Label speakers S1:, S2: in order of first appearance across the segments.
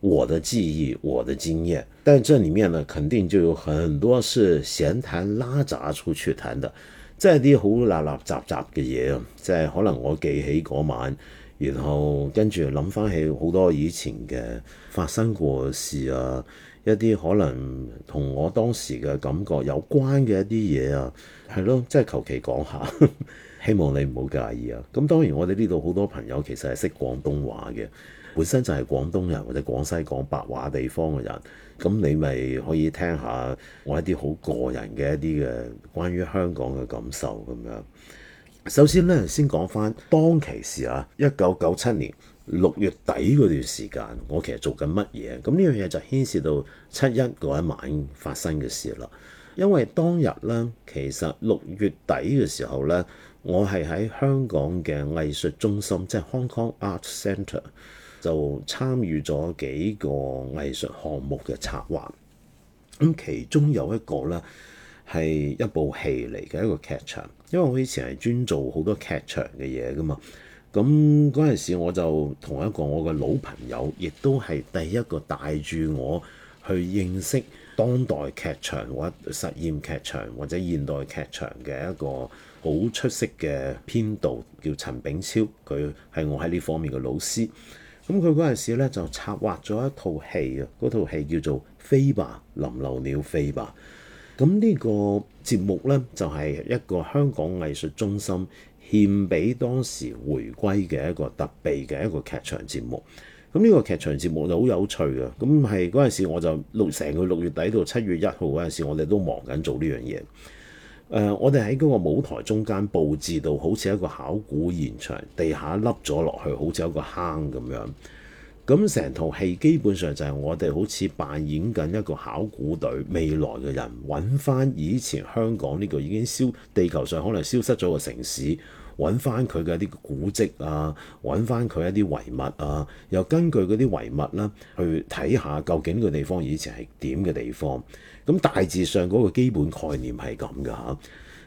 S1: 我的記憶，我的經驗，但這裏面呢，肯定就有很多是閒談拉雜出去談的，一啲好拉拉雜雜嘅嘢啊，即係可能我記起嗰晚，然後跟住諗翻起好多以前嘅發生過嘅事啊，一啲可能同我當時嘅感覺有關嘅一啲嘢啊，係咯，即係求其講下，希望你唔好介意啊。咁當然我哋呢度好多朋友其實係識廣東話嘅。本身就係廣東人或者廣西講白話地方嘅人，咁你咪可以聽下我一啲好個人嘅一啲嘅關於香港嘅感受咁樣。首先咧，先講翻當其時啊，一九九七年六月底嗰段時間，我其實做緊乜嘢？咁呢樣嘢就牽涉到七一嗰一晚發生嘅事啦。因為當日咧，其實六月底嘅時候咧，我係喺香港嘅藝術中心，即係 Hong Kong Art Centre。就參與咗幾個藝術項目嘅策劃，咁其中有一個咧係一部戲嚟嘅一個劇場，因為我以前係專做好多劇場嘅嘢㗎嘛。咁嗰陣時我就同一個我嘅老朋友，亦都係第一個帶住我去認識當代劇場或者實驗劇場或者現代劇場嘅一個好出色嘅編導，叫陳炳超。佢係我喺呢方面嘅老師。咁佢嗰陣時咧就策劃咗一套戲啊，嗰套戲叫做飛吧林流鳥飛吧。咁呢個節目咧就係、是、一個香港藝術中心獻俾當時回歸嘅一個特備嘅一個劇場節目。咁呢個劇場節目就好有趣嘅。咁係嗰陣時我就六成，佢六月底到七月一號嗰陣時，我哋都忙緊做呢樣嘢。誒、呃，我哋喺嗰個舞台中間佈置到好似一個考古現場，地下凹咗落去，好似一個坑咁樣。咁成套戲基本上就係我哋好似扮演緊一個考古隊，未來嘅人揾翻以前香港呢個已經消地球上可能消失咗嘅城市。揾翻佢嘅一啲古蹟啊，揾翻佢一啲遺物啊，又根據嗰啲遺物啦，去睇下究竟個地方以前係點嘅地方。咁大致上嗰個基本概念係咁㗎嚇。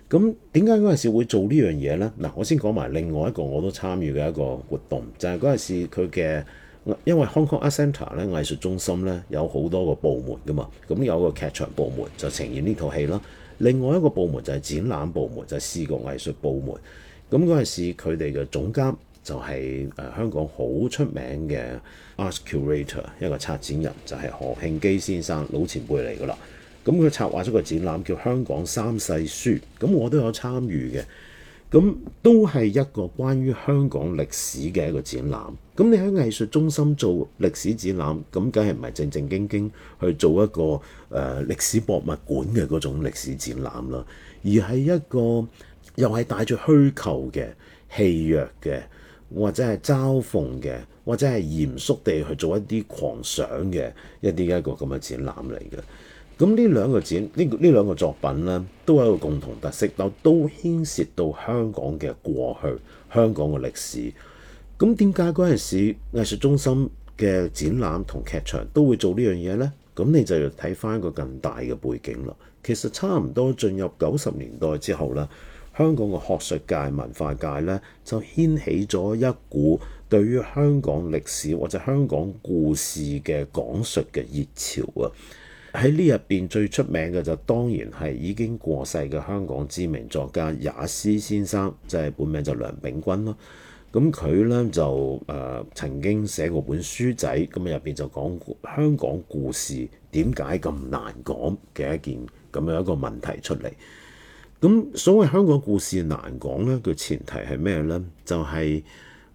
S1: 咁點解嗰陣時會做呢樣嘢咧？嗱，我先講埋另外一個我都參與嘅一個活動，就係嗰陣時佢嘅因為 Hong Kong Art Center 咧藝術中心咧有好多個部門㗎嘛，咁有個劇場部門就呈現呢套戲啦。另外一個部門就係展覽部門，就係、是、視覺藝術部門。咁嗰時佢哋嘅總監就係、是、誒、呃、香港好出名嘅 curator，一個策展人，就係、是、何慶基先生，老前輩嚟噶啦。咁、嗯、佢策劃咗個展覽叫《香港三世書》，咁、嗯、我都有參與嘅。咁、嗯、都係一個關於香港歷史嘅一個展覽。咁、嗯、你喺藝術中心做歷史展覽，咁梗係唔係正正經經去做一個誒、呃、歷史博物館嘅嗰種歷史展覽啦？而係一個。又係帶住虛構嘅戲謔嘅，或者係嘲諷嘅，或者係嚴肅地去做一啲狂想嘅一啲一個咁嘅展覽嚟嘅。咁呢兩個展，呢呢兩個作品咧，都有一個共同特色，就都牽涉到香港嘅過去，香港嘅歷史。咁點解嗰陣時藝術中心嘅展覽同劇場都會做呢樣嘢呢？咁你就要睇返一個更大嘅背景啦。其實差唔多進入九十年代之後啦。香港嘅學術界、文化界咧，就掀起咗一股對於香港歷史或者香港故事嘅講述嘅熱潮啊！喺呢入邊最出名嘅就當然係已經過世嘅香港知名作家也斯先生，即係本名就梁秉鈞咯。咁佢咧就誒、呃、曾經寫過本書仔，咁入邊就講香港故事點解咁難講嘅一件咁樣一個問題出嚟。咁所謂香港故事難講咧，佢前提係咩呢？就係、是、誒、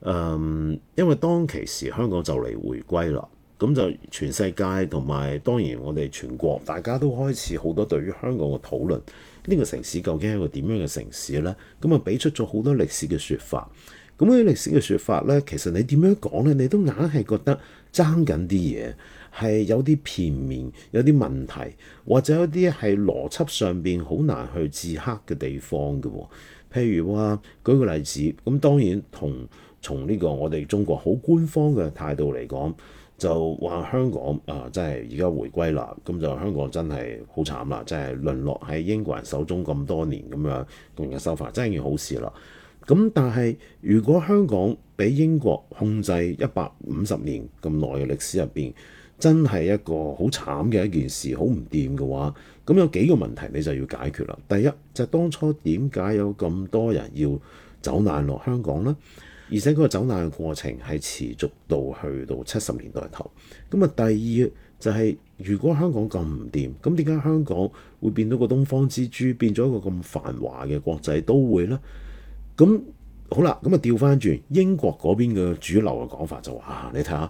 S1: 嗯，因為當其時香港就嚟回歸啦，咁就全世界同埋當然我哋全國大家都開始好多對於香港嘅討論，呢、這個城市究竟係個點樣嘅城市呢？咁啊，俾出咗好多歷史嘅説法。咁嗰啲歷史嘅説法呢，其實你點樣講呢？你都硬係覺得爭緊啲嘢。係有啲片面，有啲問題，或者有啲係邏輯上邊好難去自黑嘅地方嘅喎、哦。譬如話，舉個例子，咁當然同從呢個我哋中國好官方嘅態度嚟講，就話香港啊，真係而家回歸啦。咁就香港真係好慘啦，真係淪落喺英國人手中咁多年咁樣，今嘅收法真係件好事啦。咁但係如果香港俾英國控制一百五十年咁耐嘅歷史入邊，真係一個好慘嘅一件事，好唔掂嘅話，咁有幾個問題你就要解決啦。第一就係、是、當初點解有咁多人要走難落香港呢？而且嗰個走難嘅過程係持續到去到七十年代頭。咁啊，第二就係、是、如果香港咁唔掂，咁點解香港會變到個東方之珠，變咗一個咁繁華嘅國際都會呢？咁好啦，咁啊調翻轉英國嗰邊嘅主流嘅講法就話，你睇下。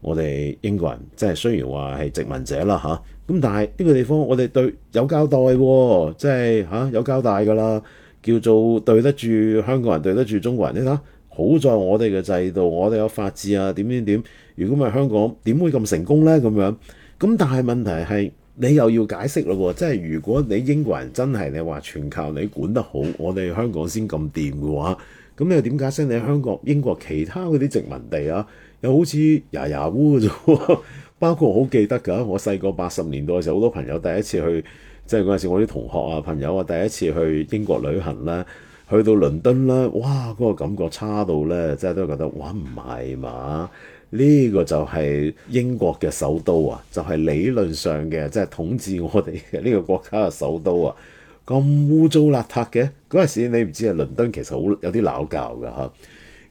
S1: 我哋英國人即係雖然話係殖民者啦嚇，咁但係呢個地方我哋對有交代喎，即係嚇、啊、有交代㗎喇，叫做對得住香港人，對得住中國人。你睇好在我哋嘅制度，我哋有法治啊，點點點。如果唔係香港，點會咁成功呢？咁樣咁，但係問題係你又要解釋嘞喎，即係如果你英國人真係你話全靠你管得好，我哋香港先咁掂嘅話，咁你又點解釋你香港英國其他嗰啲殖民地啊？又好似牙牙污嘅啫，包括我好記得㗎。我細個八十年代嘅時候，好多朋友第一次去，即係嗰陣時我啲同學啊、朋友啊，第一次去英國旅行啦，去到倫敦啦、啊，哇！嗰、那個感覺差到咧，真係都覺得哇唔係嘛？呢、這個就係英國嘅首都啊，就係、是、理論上嘅，即係統治我哋呢個國家嘅首都啊，咁污糟邋遢嘅。嗰陣時，你唔知啊，倫敦其實好有啲鬧交㗎嚇。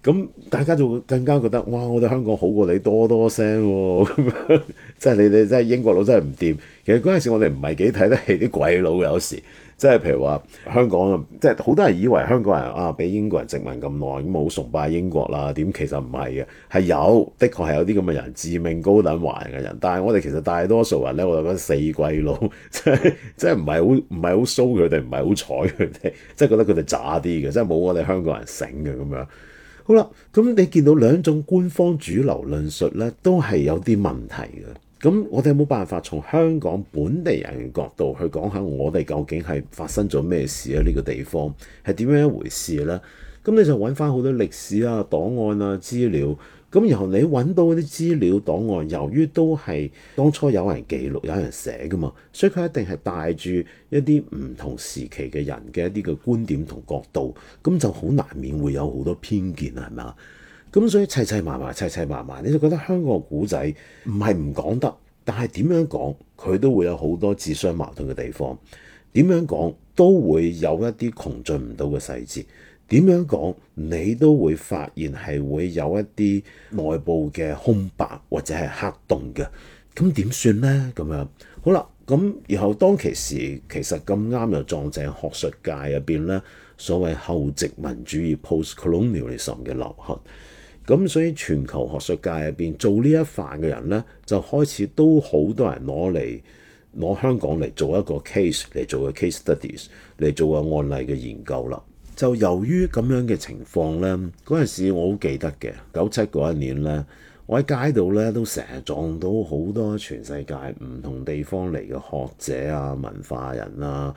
S1: 咁大家就更加覺得哇！我哋香港好過你多多聲喎、哦，咁樣即係你哋即係英國佬真係唔掂。其實嗰陣時我哋唔係幾睇得起啲鬼佬，有時即係譬如話香港即係好多人以為香港人啊俾英國人殖民咁耐，咁咪好崇拜英國啦點？其實唔係嘅，係有的確係有啲咁嘅人，自命高等華人嘅人。但係我哋其實大多數人咧，我覺得四鬼佬即係即係唔係好唔係好騷佢哋，唔係好睬佢哋，即係覺得佢哋渣啲嘅，即係冇我哋香港人醒嘅咁樣。好啦，咁你見到兩種官方主流論述咧，都係有啲問題嘅。咁我哋冇辦法從香港本地人角度去講下，我哋究竟係發生咗咩事啊？呢個地方係點樣一回事咧？咁你就揾翻好多歷史啊、檔案啊、資料。咁然後你揾到嗰啲資料檔案，由於都係當初有人記錄、有人寫噶嘛，所以佢一定係帶住一啲唔同時期嘅人嘅一啲嘅觀點同角度，咁就好難免會有好多偏見啦，係咪？咁所以砌砌埋埋，砌砌埋埋，你就覺得香港古仔唔係唔講得，但係點樣講佢都會有好多自相矛盾嘅地方，點樣講都會有一啲窮盡唔到嘅細節。點樣講，你都會發現係會有一啲內部嘅空白或者係黑洞嘅。咁點算呢？咁樣好啦。咁然後當其時，其實咁啱又撞正學術界入邊咧，所謂後殖民主義 （post-colonialism） 嘅流行。咁所以全球學術界入邊做呢一範嘅人咧，就開始都好多人攞嚟攞香港嚟做一個 case 嚟做個 case studies 嚟做個案例嘅研究啦。就由於咁樣嘅情況呢，嗰陣時我好記得嘅，九七嗰一年呢，我喺街度呢都成日撞到好多全世界唔同地方嚟嘅學者啊、文化人啊，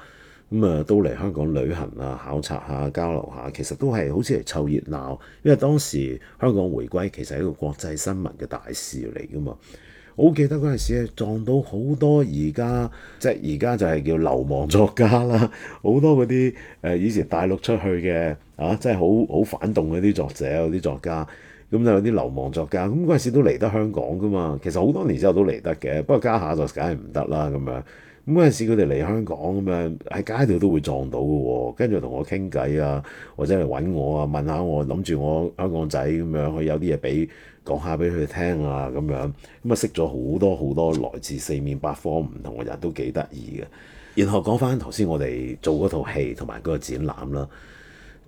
S1: 咁啊都嚟香港旅行啊、考察下、交流下，其實都係好似嚟湊熱鬧，因為當時香港回歸其實係一個國際新聞嘅大事嚟㗎嘛。我好記得嗰陣時，撞到好多而家即係而家就係叫流亡作家啦，好多嗰啲誒以前大陸出去嘅啊，即係好好反動嗰啲作者，有啲作家，咁就有啲流亡作家，咁嗰陣時都嚟得香港噶嘛，其實好多年之後都嚟得嘅，不過家下就梗係唔得啦咁樣。咁嗰陣時，佢哋嚟香港咁樣喺街度都會撞到嘅喎，跟住同我傾偈啊，或者係揾我啊，問下我諗住我香港仔咁樣，佢有啲嘢俾講下俾佢聽啊，咁樣咁啊，識咗好多好多來自四面八方唔同嘅人都幾得意嘅。然後講翻頭先，我哋做嗰套戲同埋嗰個展覽啦。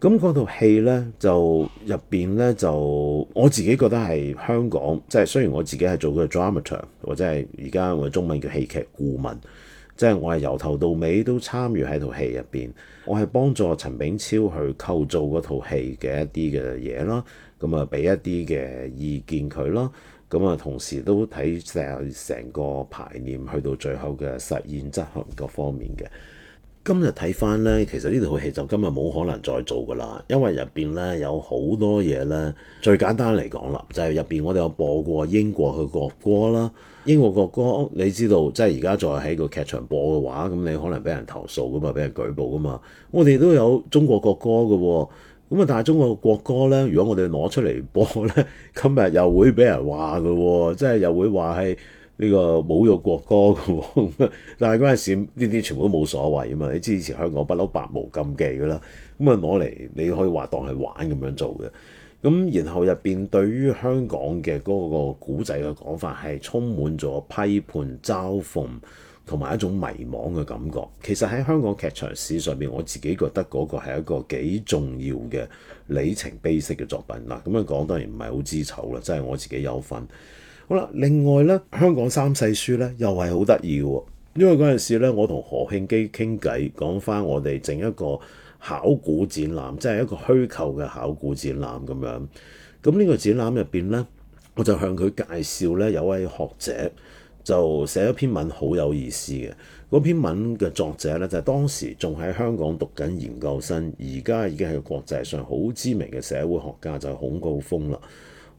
S1: 咁嗰套戲呢，就入邊呢，就我自己覺得係香港即係、就是、雖然我自己係做嗰個 dramaturg 或者係而家我中文叫戲劇顧問。即係我係由頭到尾都參與喺套戲入邊，我係幫助陳炳超去構造嗰套戲嘅一啲嘅嘢啦，咁啊俾一啲嘅意見佢啦，咁啊同時都睇成成個排練去到最後嘅實驗執行各方面嘅。今日睇翻呢，其實呢套戲就今日冇可能再做噶啦，因為入邊呢，有好多嘢呢，最簡單嚟講啦，就係入邊我哋有播過英國嘅國歌啦。英國國歌你知道，即係而家再喺個劇場播嘅話，咁你可能俾人投訴噶嘛，俾人舉報噶嘛。我哋都有中國國歌嘅，咁啊，但係中國國歌呢，如果我哋攞出嚟播呢，今日又會俾人話嘅，即係又會話係。呢、這個侮辱國歌嘅， 但係嗰陣時呢啲全部都冇所謂啊嘛！你知以前香港不嬲百無禁忌嘅啦，咁啊攞嚟你可以話當係玩咁樣做嘅。咁、嗯、然後入邊對於香港嘅嗰、那個古仔嘅講法係充滿咗批判、嘲諷同埋一種迷惘嘅感覺。其實喺香港劇場史上面，我自己覺得嗰個係一個幾重要嘅里程碑式嘅作品。嗱，咁樣講當然唔係好知醜啦，即係我自己有份。好啦，另外咧，香港三世書咧又係好得意嘅，因為嗰陣時咧，我同何慶基傾偈，講翻我哋整一個考古展覽，即係一個虛構嘅考古展覽咁樣。咁呢個展覽入邊咧，我就向佢介紹咧，有位學者就寫一篇文，好有意思嘅。嗰篇文嘅作者咧，就係當時仲喺香港讀緊研究生，而家已經係國際上好知名嘅社會學家，就係孔高峰啦。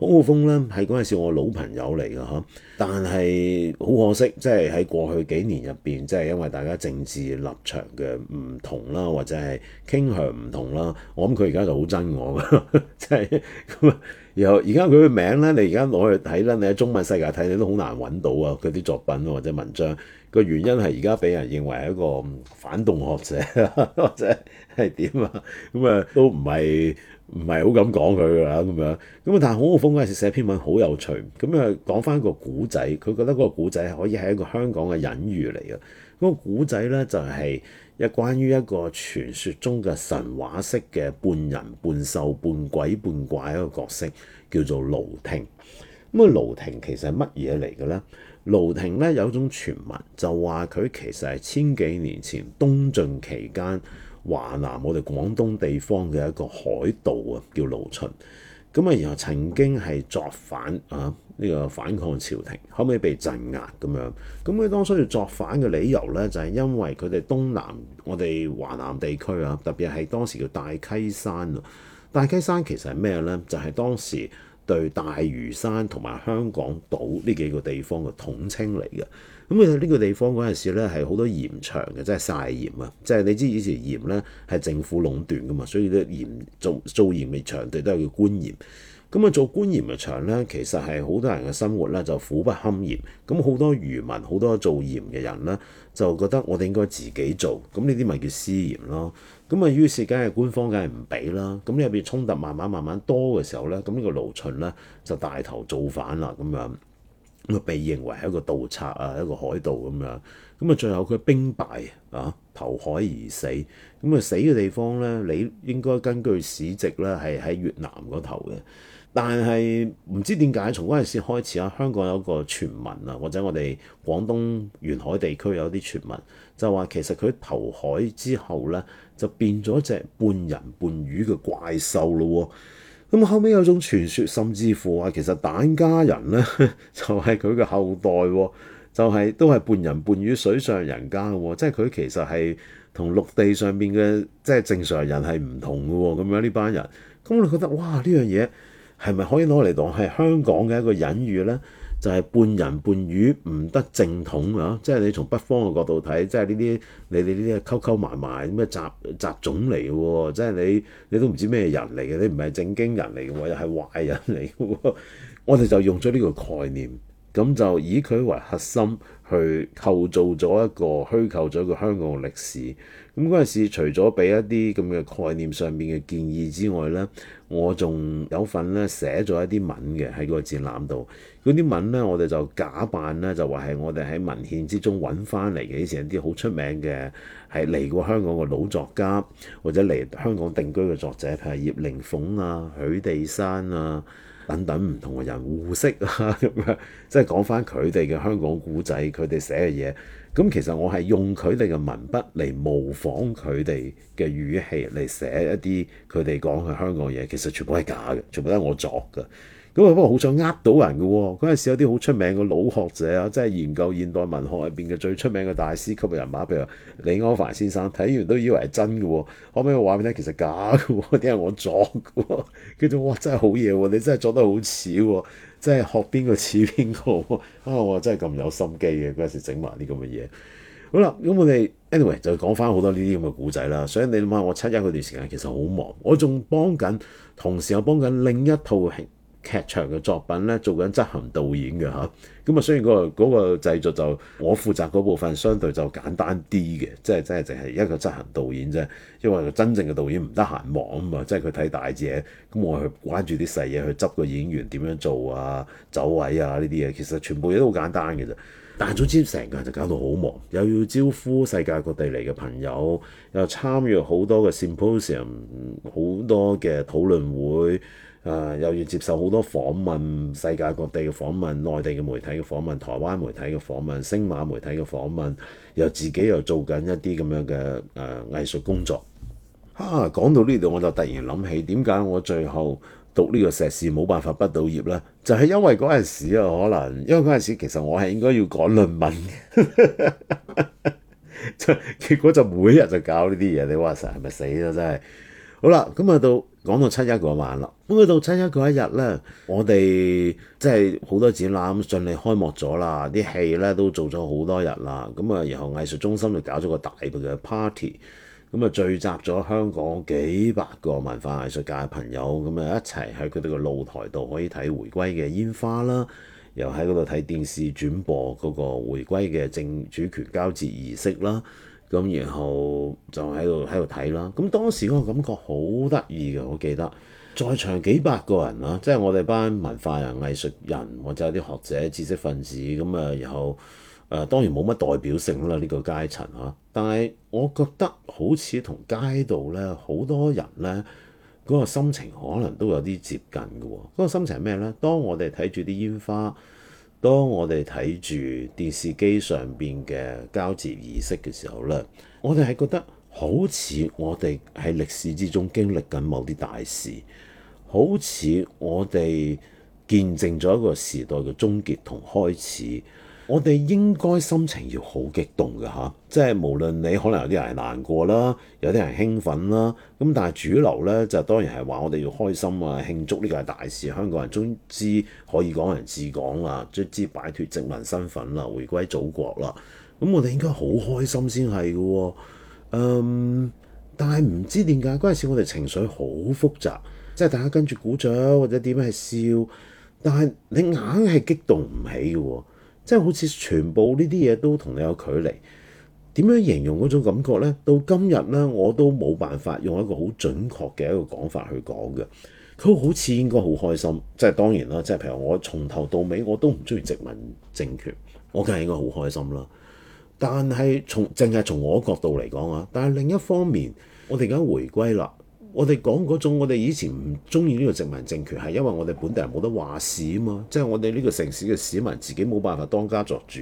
S1: 古高峰咧係嗰陣時我老朋友嚟嘅嚇，但係好可惜，即係喺過去幾年入邊，即係因為大家政治立場嘅唔同啦，或者係傾向唔同啦，我諗佢而家就好憎我嘅，即係咁啊！然後而家佢嘅名咧，你而家攞去睇啦，你喺中文世界睇你都好難揾到啊！佢啲作品或者文章個原因係而家俾人認為係一個反動學者， 或者係點啊？咁啊都唔係。唔係好咁講佢㗎啦，咁樣咁啊！但係孔浩峰嗰陣時寫篇文好有趣，咁啊講返一個古仔，佢覺得嗰個古仔係可以係一個香港嘅隱喻嚟嘅。嗰、那個古仔咧就係、是、一關於一個傳說中嘅神話式嘅半人半獸半鬼半怪一個角色，叫做盧庭。咁、那、啊、個，盧庭其實係乜嘢嚟嘅咧？盧庭咧有一種傳聞，就話佢其實係千幾年前東晉期間。華南我哋廣東地方嘅一個海盜啊，叫盧循咁啊，然後曾經係作反啊，呢、這個反抗朝廷，後尾被鎮壓咁樣。咁、嗯、佢當初要作反嘅理由呢，就係、是、因為佢哋東南我哋華南地區啊，特別係當時叫大溪山啊。大溪山其實係咩呢？就係、是、當時對大嶼山同埋香港島呢幾個地方嘅統稱嚟嘅。咁啊，呢個地方嗰陣時咧，係好多鹽場嘅，即係曬鹽啊！即係你知以前鹽咧係政府壟斷噶嘛，所以咧鹽做做鹽嘅場地都係叫官鹽。咁、嗯、啊，做官鹽嘅場咧，其實係好多人嘅生活咧就苦不堪言。咁、嗯、好多漁民，好多做鹽嘅人咧，就覺得我哋應該自己做。咁呢啲咪叫私鹽咯？咁、嗯、啊，於是梗係官方梗係唔俾啦。咁入邊衝突慢慢慢慢多嘅時候咧，咁、嗯這個、呢個盧循咧就大頭造反啦，咁樣。佢被認為係一個盜賊啊，一個海盜咁樣。咁啊，最後佢兵敗啊，投海而死。咁啊，死嘅地方咧，你應該根據史籍咧，係喺越南嗰頭嘅。但係唔知點解，從嗰陣時開始啊，香港有一個傳聞啊，或者我哋廣東沿海地區有啲傳聞，就話其實佢投海之後咧，就變咗隻半人半魚嘅怪獸咯。咁後尾有種傳說，甚至乎話其實疍家人咧就係佢嘅後代，就係、是、都係半人半魚水上人家嘅，即係佢其實係同陸地上邊嘅即係正常人係唔同嘅。咁樣呢班人，咁我覺得哇，呢樣嘢係咪可以攞嚟當係香港嘅一個隱喻咧？就係半人半魚，唔得正統啊！即係你從北方嘅角度睇，即係呢啲你哋呢啲係溝溝埋埋咩雜雜種嚟嘅喎，即係你你都唔知咩人嚟嘅，你唔係正經人嚟嘅，又係壞人嚟嘅。我哋就用咗呢個概念，咁就以佢為核心去構造咗一個虛構咗一個香港嘅歷史。咁嗰陣時，除咗俾一啲咁嘅概念上面嘅建議之外呢，我仲有份呢寫咗一啲文嘅喺個展覽度。嗰啲文咧，我哋就假扮咧，就話係我哋喺文獻之中揾翻嚟嘅，以前啲好出名嘅，係嚟過香港嘅老作家，或者嚟香港定居嘅作者，譬如葉靈鳳啊、許地山啊等等唔同嘅人，互識啊咁樣，即係講翻佢哋嘅香港古仔，佢哋寫嘅嘢。咁其實我係用佢哋嘅文筆嚟模仿佢哋嘅語氣嚟寫一啲佢哋講嘅香港嘢，其實全部係假嘅，全部都係我作嘅。咁啊，不過好想呃到人嘅喎、哦。嗰時有啲好出名嘅老學者啊，即係研究現代文學入邊嘅最出名嘅大師級嘅人馬，譬如話李歐梵先生，睇完都以為係真嘅、哦。後尾我話俾你聽，其實假嘅，啲係我作嘅。叫做哇，真係好嘢喎！你真係作得好似喎，真係學邊個似邊個。啊，我真係咁有心機嘅嗰陣時整埋啲咁嘅嘢。好啦，咁我哋 anyway 就講翻好多呢啲咁嘅古仔啦。所以你諗下，我七一嗰段時間其實好忙，我仲幫緊，同時又幫緊另一套劇場嘅作品咧，做緊執行導演嘅嚇，咁啊，雖然、嗰個嗰、嗰個製作就我負責嗰部分，相對就簡單啲嘅，即係即係淨係一個執行導演啫。因為個真正嘅導演唔得閒忙啊嘛，即係佢睇大嘢，咁、嗯、我去關注啲細嘢去執個演員點樣做啊、走位啊呢啲嘢，其實全部嘢都好簡單嘅啫。但係總之成個人就搞到好忙，又要招呼世界各地嚟嘅朋友，又參與好多嘅 symposium、好多嘅討論會。誒、啊、又要接受好多訪問，世界各地嘅訪問，內地嘅媒體嘅訪問，台灣媒體嘅訪問，星馬媒體嘅訪問，又自己又做緊一啲咁樣嘅誒藝術工作。嚇、啊，講到呢度我就突然諗起，點解我最後讀呢個碩士冇辦法畢到業呢？就係、是、因為嗰陣時啊，可能因為嗰陣時其實我係應該要講論文， 結果就每日就搞呢啲嘢。你話實係咪死啦？真係好啦，咁啊到。講到七一嗰晚啦，咁去到七一嗰一日呢，我哋即係好多展覽順利開幕咗啦，啲戲呢都做咗好多日啦，咁啊，然後藝術中心就搞咗個大嘅 party，咁啊聚集咗香港幾百個文化藝術界嘅朋友，咁啊一齊喺佢哋個露台度可以睇回歸嘅煙花啦，又喺嗰度睇電視轉播嗰個回歸嘅政主權交接儀式啦。咁然後就喺度喺度睇啦。咁當時嗰個感覺好得意嘅，我記得在場幾百個人啊，即係我哋班文化人、藝術人或者有啲學者、知識分子咁啊。然後誒、呃、當然冇乜代表性啦呢、呢個階層啊，但係我覺得好似同街道咧好多人咧嗰、嗰個心情可能都有啲接近嘅。嗰、嗰個心情係咩呢？當我哋睇住啲煙花，當我哋睇住電視機上邊嘅交接儀式嘅時候咧，我哋係覺得好似我哋喺歷史之中經歷緊某啲大事，好似我哋見證咗一個時代嘅終結同開始。我哋應該心情要好激動嘅吓，即係無論你可能有啲人係難過啦，有啲人興奮啦。咁但係主流呢，就當然係話我哋要開心啊，慶祝呢個係大事。香港人終之可以講人治港啦，終之擺脫殖民身份啦，回歸祖國啦。咁我哋應該好開心先係嘅。嗯，但係唔知點解嗰陣時我哋情緒好複雜，即係大家跟住鼓掌或者點樣係笑，但係你硬係激動唔起嘅。即係好似全部呢啲嘢都同你有距離，點樣形容嗰種感覺呢？到今日呢，我都冇辦法用一個好準確嘅一個講法去講嘅。佢好似應該好開心，即係當然啦。即係譬如我從頭到尾我都唔中意殖民政權，我梗係應該好開心啦。但係從淨係從我角度嚟講啊，但係另一方面，我哋而家回歸啦。我哋講嗰種，我哋以前唔中意呢個殖民政權，係因為我哋本地人冇得話事啊嘛，即係我哋呢個城市嘅市民自己冇辦法當家作主。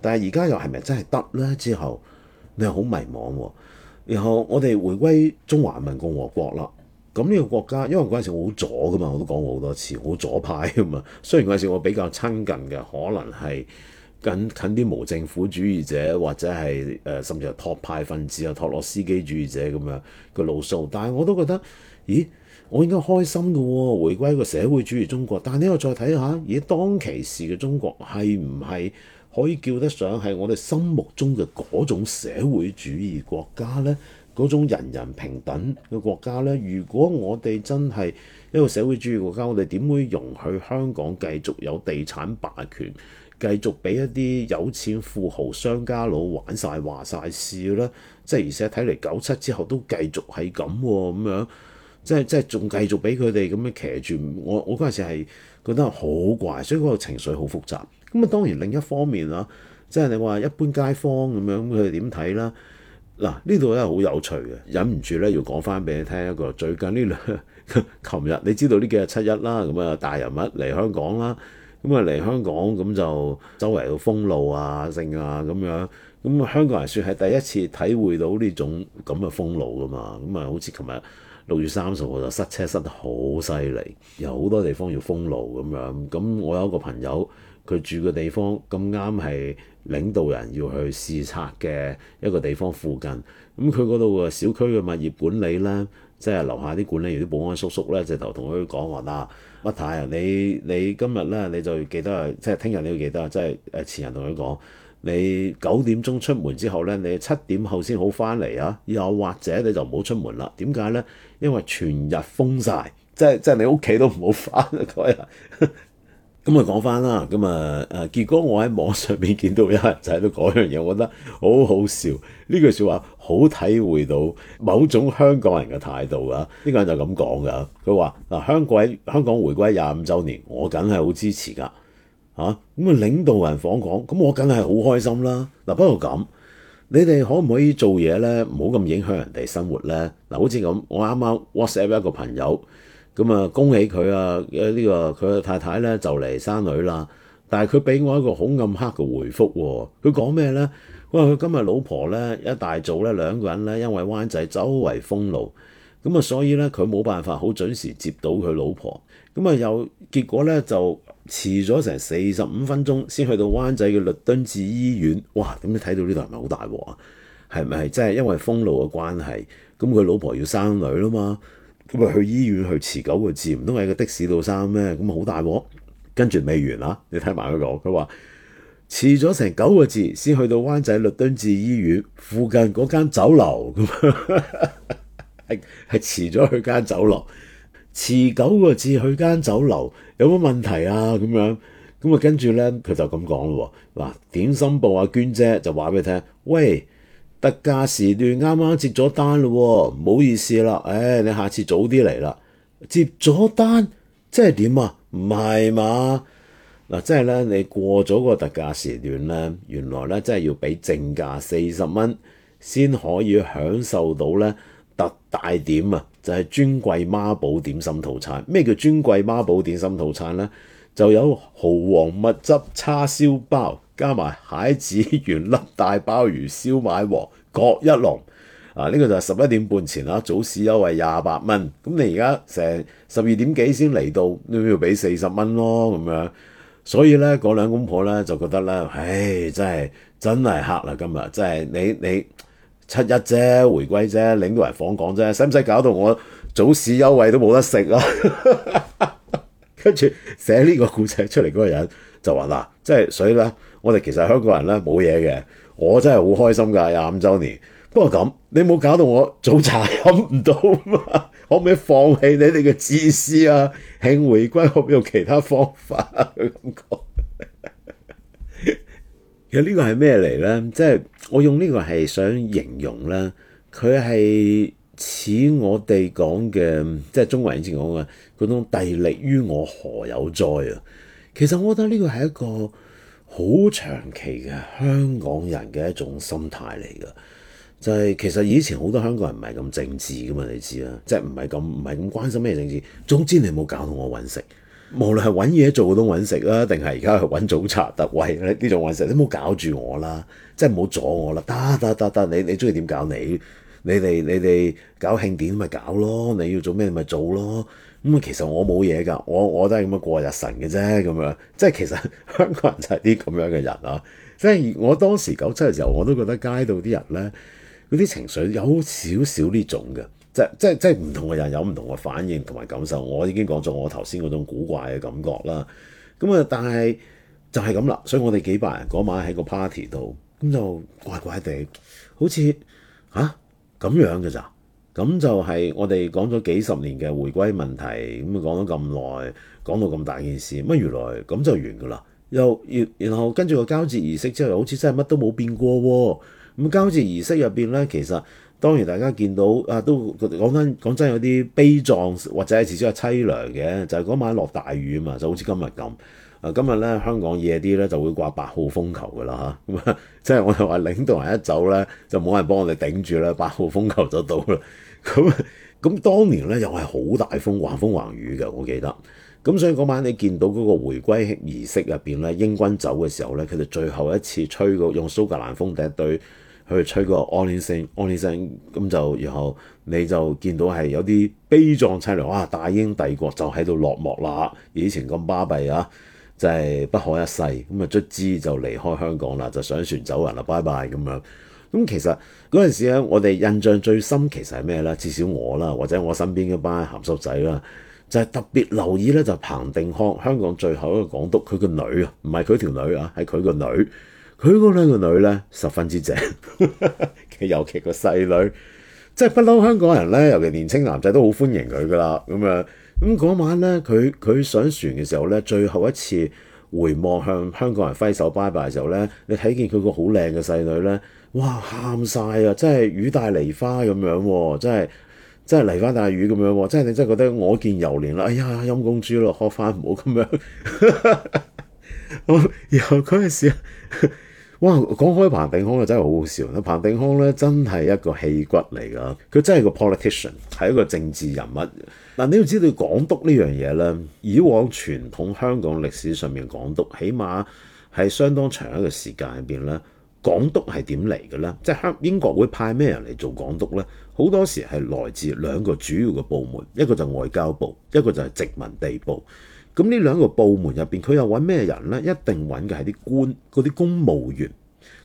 S1: 但係而家又係咪真係得呢？之後你又好迷茫喎。然後我哋回歸中華民共和國啦。咁呢個國家，因為嗰陣時我好左噶嘛，我都講過好多次，好左派啊嘛。雖然嗰陣時我比較親近嘅，可能係。近近啲無政府主義者，或者係誒、呃、甚至係托派分子啊、托洛斯基主義者咁樣個路數，但係我都覺得，咦？我應該開心嘅喎、哦，回歸個社會主義中國。但係呢，你又再睇下，而當其時嘅中國係唔係可以叫得上係我哋心目中嘅嗰種社會主義國家呢？嗰種人人平等嘅國家呢？如果我哋真係一個社會主義國家，我哋點會容許香港繼續有地產霸權？繼續俾一啲有錢富豪、商家佬玩晒話晒事啦，即係而且睇嚟九七之後都繼續係咁喎，咁樣即係即係仲繼續俾佢哋咁樣騎住。我我嗰陣時係覺得好怪，所以嗰個情緒好複雜。咁啊，當然另一方面啊，即係你話一般街坊咁樣佢哋點睇啦？嗱，呢度咧好有趣嘅，忍唔住咧要講翻俾你聽一個最近呢兩琴日，你知道呢幾日七一啦，咁啊大人物嚟香港啦。咁啊，嚟香港咁就周圍要封路啊剩啊咁樣，咁啊香港人算係第一次體會到呢種咁嘅封路㗎嘛，咁啊好似琴日六月三十號就塞車塞得好犀利，有好多地方要封路咁樣，咁我有一個朋友，佢住嘅地方咁啱係領導人要去視察嘅一個地方附近，咁佢嗰度個小區嘅物業管理咧。即係樓下啲管理員、啲保安叔叔咧，直頭同佢講話啦，乜太啊，你你今日咧你就記得，即係聽日你要記得，即係前日同佢講，你九點鐘出門之後咧，你七點後先好翻嚟啊，又或者你就唔好出門啦。點解咧？因為全日封晒，即係即係你屋企都唔好翻啊，各 咁啊，講翻啦，咁啊，誒，結果我喺網上面見到有人仔都度講樣嘢，我覺得好好笑。呢句説話好體會到某種香港人嘅態度㗎。呢個人就咁講㗎，佢話嗱，香港喺香港回歸廿五週年，我梗係好支持㗎嚇。咁啊，領導人訪港，咁我梗係好開心啦。嗱，不過咁，你哋可唔可以做嘢咧？唔好咁影響人哋生活咧。嗱，好似咁，我啱啱 WhatsApp 一個朋友。咁啊，恭喜佢啊！呢個佢嘅太太咧就嚟生女啦，但係佢俾我一個好暗黑嘅回覆。佢講咩咧？佢話佢今日老婆咧一大早咧兩個人咧，因為灣仔周圍封路，咁啊，所以咧佢冇辦法好準時接到佢老婆。咁啊，又結果咧就遲咗成四十五分鐘先去到灣仔嘅律敦治醫院。哇！咁你睇到呢度係咪好大鑊？係咪真係因為封路嘅關係？咁佢老婆要生女啦嘛？咁咪去醫院去遲九個字，唔通係個的士度生咩？咁好大鑊。跟住未完啦，你睇埋佢講，佢話遲咗成九個字，先去到灣仔律敦治醫院附近嗰間酒樓，咁係係遲咗去間酒樓，遲九個字去間酒樓有乜問題啊？咁樣咁啊，跟住咧佢就咁講咯喎。嗱，點心部阿、啊、娟姐就話俾你聽，喂。特價時段啱啱接咗單咯，唔好意思啦，誒你下次早啲嚟啦，接咗單即係點啊？唔係嘛？嗱，即係咧你過咗個特價時段咧，原來咧即係要俾正價四十蚊先可以享受到咧特大點啊，就係、是、尊貴孖寶點心套餐。咩叫尊貴孖寶點心套餐咧？就有蠔皇蜜汁叉燒包，加埋蟹子原粒大鮑魚燒賣王各一籠啊！呢、這個就係十一點半前啦，早市優惠廿八蚊。咁你而家成十二點幾先嚟到，都要俾四十蚊咯咁樣。所以咧，嗰兩公婆咧就覺得咧，唉、哎，真係真係黑啦今日，真係你你七一啫，回歸啫，領導人訪港啫，使唔使搞到我早市優惠都冇得食啊？跟 住寫呢個故仔出嚟嗰個人就話嗱，即、啊、係、就是、所以啦。我哋其實香港人咧冇嘢嘅，我真係好開心噶廿五周年。不過咁，你冇搞到我早茶飲唔到嘛？ 可唔可以放棄你哋嘅自私啊，慶回歸，我用其他方法嘅感覺。 其實呢個係咩嚟咧？即係我用呢個係想形容咧，佢係似我哋講嘅，即係中國人以前講嘅嗰種帝力於我何有哉啊？其實我覺得呢個係一個。好長期嘅香港人嘅一種心態嚟㗎，就係其實以前好多香港人唔係咁政治噶嘛，你知啦，即係唔係咁唔係咁關心咩政治。總之你冇搞到我揾食，無論係揾嘢做都揾食啦，定係而家去揾早茶特惠呢啲種揾食，你冇搞住我啦，即係唔好阻我啦，得得得得，你你中意點搞你，你哋你哋搞慶典咪搞咯，你要做咩咪做咯。咁啊、嗯，其實我冇嘢㗎，我我都係咁樣過日神嘅啫，咁樣，即係其實香港人就係啲咁樣嘅人啊，即係我當時九七嘅時候，我都覺得街道啲人咧，嗰啲情緒有少少呢種嘅，就即即係唔同嘅人有唔同嘅反應同埋感受。我已經講咗我頭先嗰種古怪嘅感覺啦。咁啊，但係就係咁啦，所以我哋幾百人嗰晚喺個 party 度，咁就怪怪地，好似嚇咁樣嘅咋。咁就係我哋講咗幾十年嘅回歸問題，咁啊講咗咁耐，講到咁大件事，乜原來咁就完㗎啦？又，然後跟住個交接儀式之後，又好似真係乜都冇變過喎、哦。咁、嗯、交接儀式入邊咧，其實當然大家見到啊，都講真講真,真有啲悲壯，或者至少係淒涼嘅，就係、是、嗰晚落大雨啊嘛，就好似今日咁。啊，今日咧香港夜啲咧就會掛八號風球㗎啦嚇，咁啊即係我就話領導人一走咧，就冇人幫我哋頂住啦，八號風球就到啦。咁咁當年咧又係好大風橫風橫雨嘅，我記得。咁所以嗰晚你見到嗰個回歸儀式入邊咧，英軍走嘅時候咧，佢哋最後一次吹個用蘇格蘭風笛隊去吹個 Auld Lang Syne, Auld Lang Syne，咁就然後你就見到係有啲悲壯淒涼。哇！大英帝國就喺度落幕啦，以前咁巴閉啊，就係、是、不可一世。咁啊，卒之就離開香港啦，就上船走人啦，拜拜咁樣。咁其實嗰陣時咧，我哋印象最深其實係咩咧？至少我啦，或者我身邊嗰班鹹濕仔啦，就係、是、特別留意咧。就是、彭定康香港最後一個港督，佢個女啊，唔係佢條女啊，係佢個女。佢嗰兩個女咧，十分之正， 尤其個細女，即係不嬲香港人咧，尤其年青男仔都好歡迎佢噶啦。咁樣咁嗰晚咧，佢佢上船嘅時候咧，最後一次回望向香港人揮手拜拜嘅時候咧，你睇見佢個好靚嘅細女咧。哇！喊晒啊！真係雨大梨花咁樣喎，真係真係梨花大雨咁樣喎，真係你真係覺得我見猶憐啦！哎呀，陰公豬咯，開翻唔好咁樣。然後嗰陣時，哇！講開彭定康啊，真係好好笑。彭定康咧，真係一個戲骨嚟噶，佢真係個 politician，係一個政治人物。嗱、啊，你要知道港督呢樣嘢呢，以往傳統香港歷史上面港督，起碼係相當長一個時間入邊咧。港督係點嚟嘅咧？即係英國會派咩人嚟做港督咧？好多時係來自兩個主要嘅部門，一個就外交部，一個就係殖民地部。咁呢兩個部門入邊，佢又揾咩人咧？一定揾嘅係啲官，嗰啲公務員。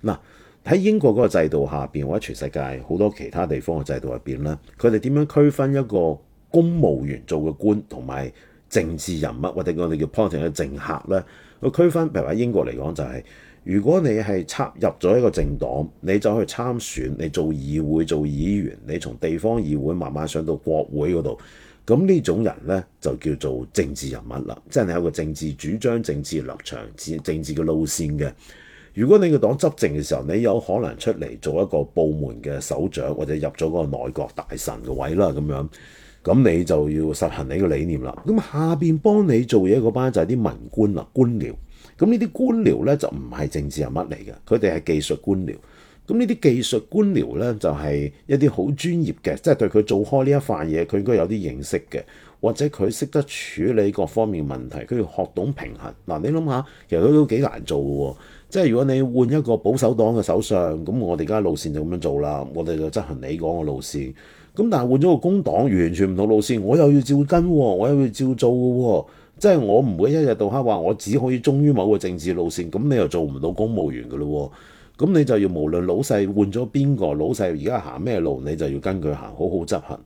S1: 嗱，喺英國嗰個制度下邊，或者全世界好多其他地方嘅制度入邊咧，佢哋點樣區分一個公務員做嘅官同埋政治人物，或者我哋叫 politician 政客咧？個區分，譬如話英國嚟講就係、是。如果你係插入咗一個政黨，你就去參選，你做議會做議員，你從地方議會慢慢上到國會嗰度，咁呢種人呢，就叫做政治人物啦，即係你有個政治主張、政治立場、政治嘅路線嘅。如果你個黨執政嘅時候，你有可能出嚟做一個部門嘅首長，或者入咗個內閣大臣嘅位啦咁樣，咁你就要實行你嘅理念啦。咁下邊幫你做嘢嗰班就係啲文官啦，官僚。咁呢啲官僚咧就唔係政治人物嚟嘅，佢哋係技術官僚。咁呢啲技術官僚咧就係一啲好專業嘅，即係對佢做開呢一塊嘢，佢應該有啲認識嘅，或者佢識得處理各方面嘅問題，佢要學懂平衡。嗱，你諗下，其實都幾難做喎。即係如果你換一個保守黨嘅首相，咁我哋而家路線就咁樣做啦，我哋就執行你講嘅路線。咁但係換咗個工黨，完全唔同路線，我又要照跟，我又要照做嘅喎。即係我唔會一日到黑話，我只可以忠於某個政治路線，咁你又做唔到公務員嘅咯喎，咁你就要無論老細換咗邊個，老細而家行咩路，你就要跟佢行，好好執行。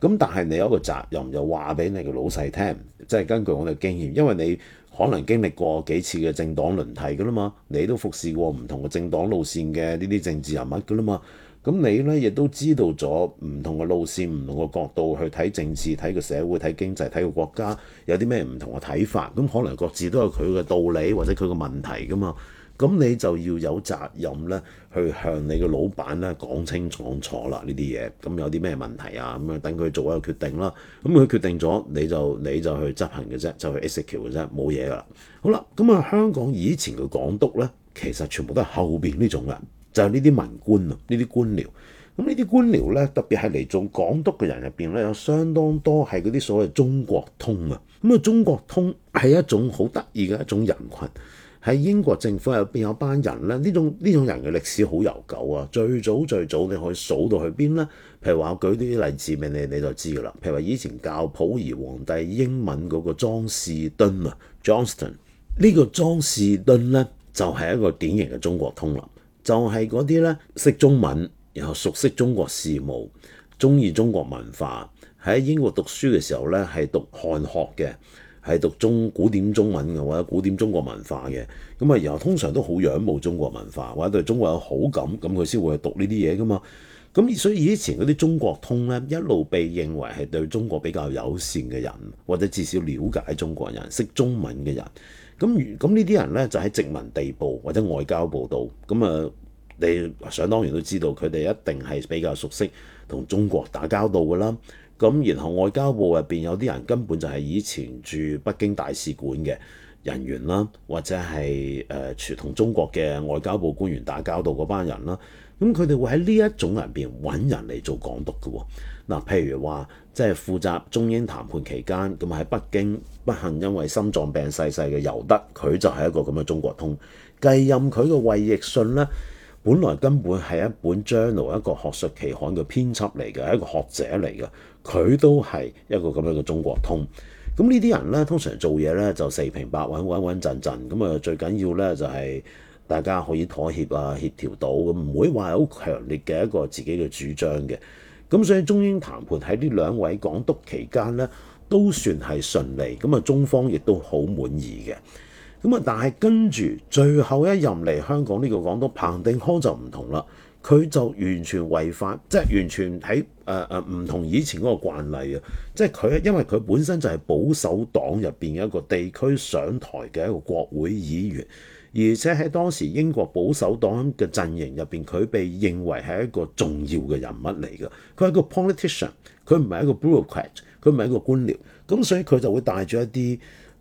S1: 咁但係你有一個責任，就話俾你個老細聽，即係根據我哋經驗，因為你可能經歷過幾次嘅政黨輪替嘅啦嘛，你都服侍過唔同嘅政黨路線嘅呢啲政治人物嘅啦嘛。咁你咧亦都知道咗唔同嘅路線、唔同嘅角度去睇政治、睇個社會、睇經濟、睇個國家有啲咩唔同嘅睇法，咁可能各自都有佢嘅道理或者佢嘅問題噶嘛。咁你就要有責任咧，去向你嘅老闆咧講清講楚啦呢啲嘢。咁有啲咩問題啊？咁樣等佢做一個決定啦。咁佢決定咗，你就你就去執行嘅啫，就去 execute 嘅啫，冇嘢噶啦。好啦，咁啊香港以前嘅港督咧，其實全部都係後邊呢種嘅。就係呢啲文官啊，呢啲官僚，咁呢啲官僚咧，特別係嚟做港督嘅人入邊咧，有相當多係嗰啲所謂中國通啊。咁、嗯、啊，中國通係一種好得意嘅一種人群，喺英國政府入邊有班人咧。呢種呢種人嘅歷史好悠久啊。最早最早你可以數到去邊咧？譬如話，我舉啲例子俾你，你就知㗎啦。譬如話，以前教溥儀皇帝英文嗰個莊士敦啊，Johnston 呢個莊士敦咧就係、是、一個典型嘅中國通啦。就係嗰啲咧識中文，然後熟悉中國事務，中意中國文化，喺英國讀書嘅時候呢係讀漢學嘅，係讀中古典中文嘅或者古典中國文化嘅，咁啊，然後通常都好仰慕中國文化或者對中國有好感，咁佢先會去讀呢啲嘢噶嘛。咁所以以前嗰啲中國通呢，一路被認為係對中國比較友善嘅人，或者至少了解中國人識中文嘅人。咁如咁呢啲人咧，就喺殖民地部或者外交部度，咁啊，你想當然都知道，佢哋一定係比較熟悉同中國打交道噶啦。咁然後外交部入邊有啲人根本就係以前駐北京大使館嘅人員啦，或者係誒同中國嘅外交部官員打交道嗰班人啦。咁佢哋會喺呢一種人入邊揾人嚟做港獨嘅。嗱，譬如話，即係負責中英談判期間，咁喺北京。不幸因為心臟病逝世嘅尤德，佢就係一個咁嘅中國通。繼任佢嘅衛奕信咧，本來根本係一本 journal 一個學術期刊嘅編輯嚟嘅，一個學者嚟嘅，佢都係一個咁樣嘅中國通。咁呢啲人咧，通常做嘢咧就四平八穩，穩穩陣陣。咁啊，最緊要咧就係、是、大家可以妥協啊，協調到咁，唔會話係好強烈嘅一個自己嘅主張嘅。咁所以中英談判喺呢兩位港督期間咧，都算係順利，咁啊，中方亦都好滿意嘅。咁啊，但係跟住最後一任嚟香港呢、這個港督彭定康就唔同啦，佢就完全違法，即係完全喺誒誒唔同以前嗰個慣例啊！即係佢因為佢本身就係保守黨入邊一個地區上台嘅一個國會議員，而且喺當時英國保守黨嘅陣營入邊，佢被認為係一個重要嘅人物嚟嘅。佢係一個 politician，佢唔係一個 bureaucrat 佢唔係一個官僚，咁所以佢就會帶住一啲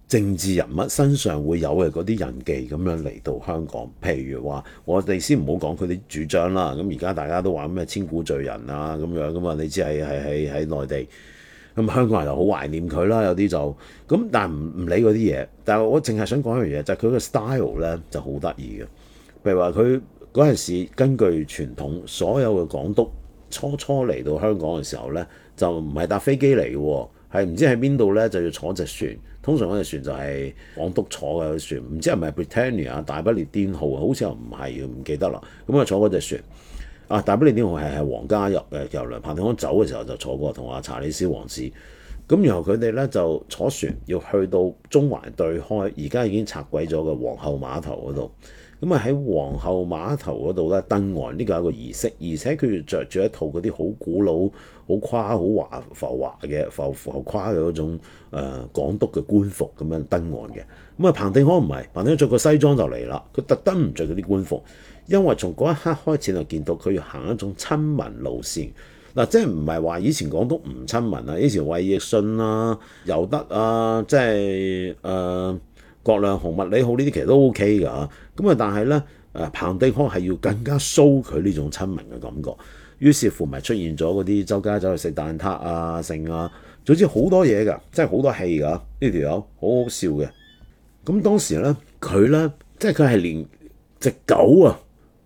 S1: 政治人物身上會有嘅嗰啲印記咁樣嚟到香港。譬如話，我哋先唔好講佢啲主張啦。咁而家大家都話咩千古罪人啊咁樣噶嘛？你知係係係喺內地，咁香港人又好懷念佢啦。有啲就咁，但係唔唔理嗰啲嘢。但係我淨係想講一樣嘢，就係佢個 style 咧就好得意嘅。譬如話，佢嗰陣時根據傳統，所有嘅港督初初嚟到香港嘅時候咧。就唔係搭飛機嚟喎，係唔知喺邊度咧，就要坐隻船。通常嗰隻船就係港督坐嘅船，唔知係咪 Britannia 啊，大不列顛號，好似又唔係，唔記得啦。咁啊，坐嗰隻船啊，大不列顛號係係皇家入嘅遊輪。彭定康走嘅時候就坐過，同阿查理斯王子。咁然後佢哋咧就坐船要去到中環對開，而家已經拆鬼咗嘅皇后碼頭嗰度。咁啊喺皇后碼頭嗰度咧登岸，呢個係一個儀式，而且佢着住一套嗰啲好古老。好誇，好華浮華嘅浮浮誇嘅嗰種、呃、港督嘅官服咁樣登岸嘅。咁啊彭定康唔係彭定康着個西裝就嚟啦，佢特登唔着嗰啲官服，因為從嗰一刻開始就見到佢要行一種親民路線，嗱、呃、即係唔係話以前港督唔親民啊，以前衛奕信啦、啊、尤德啊，即係誒葛量洪、麥理浩呢啲其實都 O K 㗎。咁啊但係咧誒彭定康係要更加 show 佢呢種親民嘅感覺。於是乎咪出現咗嗰啲周街走去食蛋撻啊、剩啊，總之好多嘢㗎，真係好多戲㗎。呢條友好好笑嘅。咁當時咧，佢咧，即係佢係連隻狗啊，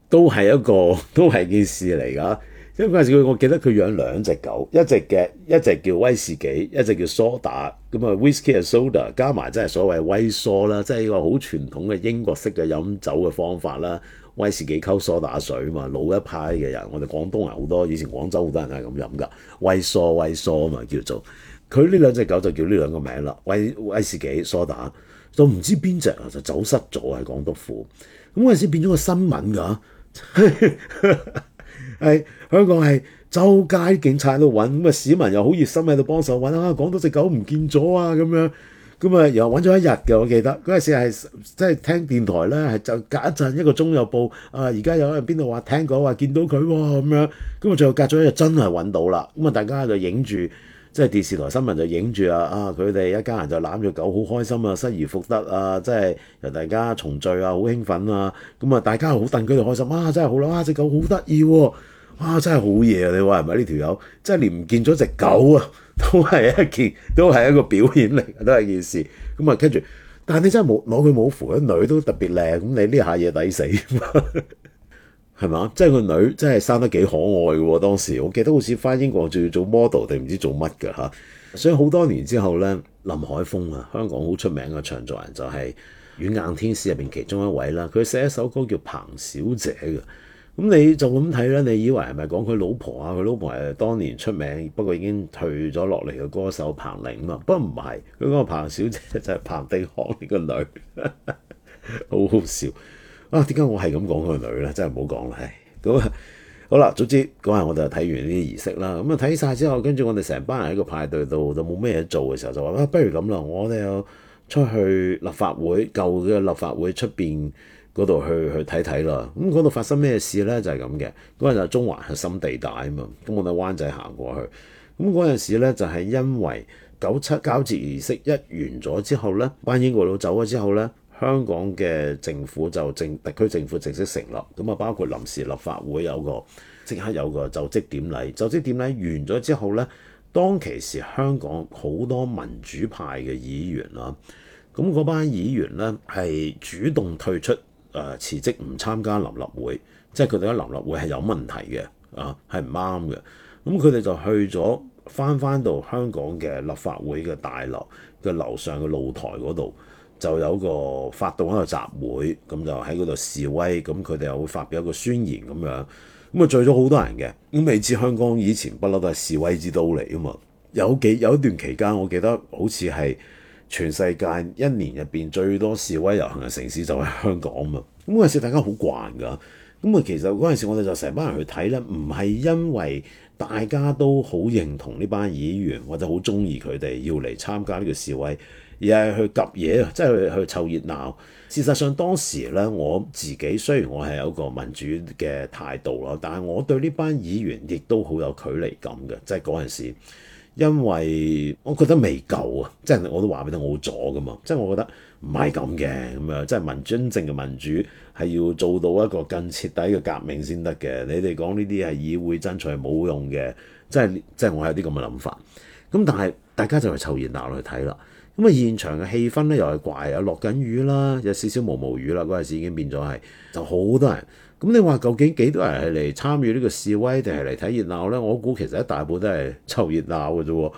S1: 都係一個都係件事嚟㗎。因為嗰陣時佢，我記得佢養兩隻狗，一隻嘅一隻叫威士忌，一隻叫梳打。咁啊，whisky 啊，soda 加埋真係所謂威梳啦，即係呢個好傳統嘅英國式嘅飲酒嘅方法啦。威士忌溝梳打水啊嘛，老一派嘅人，我哋廣東人好多，以前廣州好多人都係咁飲噶，威梳威梳啊嘛，叫做佢呢兩隻狗就叫呢兩個名啦，威威士忌梳打，就唔知邊隻啊就走失咗喺港督府，咁嗰陣時變咗個新聞㗎，係 香港係周街警察喺度揾，咁啊市民又好熱心喺度幫手揾啊，講到隻狗唔見咗啊咁樣。咁啊，又揾咗一日嘅，我記得嗰陣時係即係聽電台咧，係就隔一陣一個鐘又報啊，呃，而家有人喺邊度話聽講話見到佢喎咁樣。咁啊，最後隔咗一日真係揾到啦。咁啊，大家就影住，即係電視台新聞就影住啊啊！佢哋一家人就攬住狗，好開心啊，失而復得啊，即係由大家重聚啊，好興奮啊。咁啊，大家好戥佢哋開心啊，真係好啦，哇！啊！隻狗好得意喎，哇！啊！真係好嘢啊！你話係咪呢條友？真係連唔見咗隻狗啊！都係一件，都係一個表演嚟，都係件事。咁啊，跟住，但係你真係冇攞佢冇符，女都特別靚。咁你呢下嘢抵死，係 嘛？即係個女真係生得幾可愛喎。當時我記得好似翻英國仲要做 model 定唔知做乜㗎嚇。所以好多年之後呢，林海峰啊，香港好出名嘅唱作人就係《軟硬天使》入邊其中一位啦。佢寫一首歌叫《彭小姐》嘅。咁你就咁睇啦，你以為係咪講佢老婆啊？佢老婆係當年出名，不過已經退咗落嚟嘅歌手彭玲啊，不過唔係，佢個彭小姐就係彭定康呢個女，呵呵，好好笑啊！點解我係咁講佢女咧？真係唔好講啦，咁啊好啦，總之嗰日我哋睇完呢啲儀式啦，咁啊睇晒之後，跟住我哋成班人喺個派對度就冇咩嘢做嘅時候就，就話啊，不如咁啦，我哋又出去立法會，舊嘅立法會出邊。嗰度去去睇睇啦，咁嗰度發生咩事呢？就係咁嘅，嗰陣就中環核心地帶啊嘛，咁我哋灣仔行過去，咁嗰陣時呢就係因為九七交接儀式一完咗之後呢，班英國佬走咗之後呢，香港嘅政府就正特區政府正式成立。咁啊包括臨時立法會有個即刻有個就職典禮，就職典禮完咗之後呢，當其時香港好多民主派嘅議員啊，咁嗰班議員呢，係主動退出。誒辭、呃、職唔參加臨立會，即係佢哋覺得臨立會係有問題嘅，啊係唔啱嘅。咁佢哋就去咗翻翻到香港嘅立法會嘅大樓嘅樓上嘅露台嗰度，就有個發動一個集會，咁就喺嗰度示威，咁佢哋又會發表一個宣言咁樣。咁啊聚咗好多人嘅，咁未知香港以前不嬲都係示威之都嚟啊嘛。有幾有一段期間，我記得好似係。全世界一年入邊最多示威遊行嘅城市就係香港嘛，咁嗰陣時大家好慣㗎，咁啊其實嗰陣時我哋就成班人去睇咧，唔係因為大家都好認同呢班議員或者好中意佢哋要嚟參加呢個示威，而係去及嘢，即係去去湊熱鬧。事實上當時咧，我自己雖然我係有個民主嘅態度啦，但係我對呢班議員亦都好有距離感嘅，即係嗰陣時。因為我覺得未夠啊，即係我都話俾你我好咗噶嘛，即係我覺得唔係咁嘅，咁樣即係民真正嘅民主係要做到一個更徹底嘅革命先得嘅。你哋講呢啲係議會爭取係冇用嘅，即係即係我有啲咁嘅諗法。咁但係大家就係湊熱鬧去睇啦。咁啊現場嘅氣氛咧又係怪啊，落緊雨啦，有少少毛毛雨啦。嗰陣時已經變咗係就好多人。咁你話究竟幾多人係嚟參與呢個示威，定係嚟睇熱鬧呢？我估其實一大部分都係湊熱鬧嘅啫。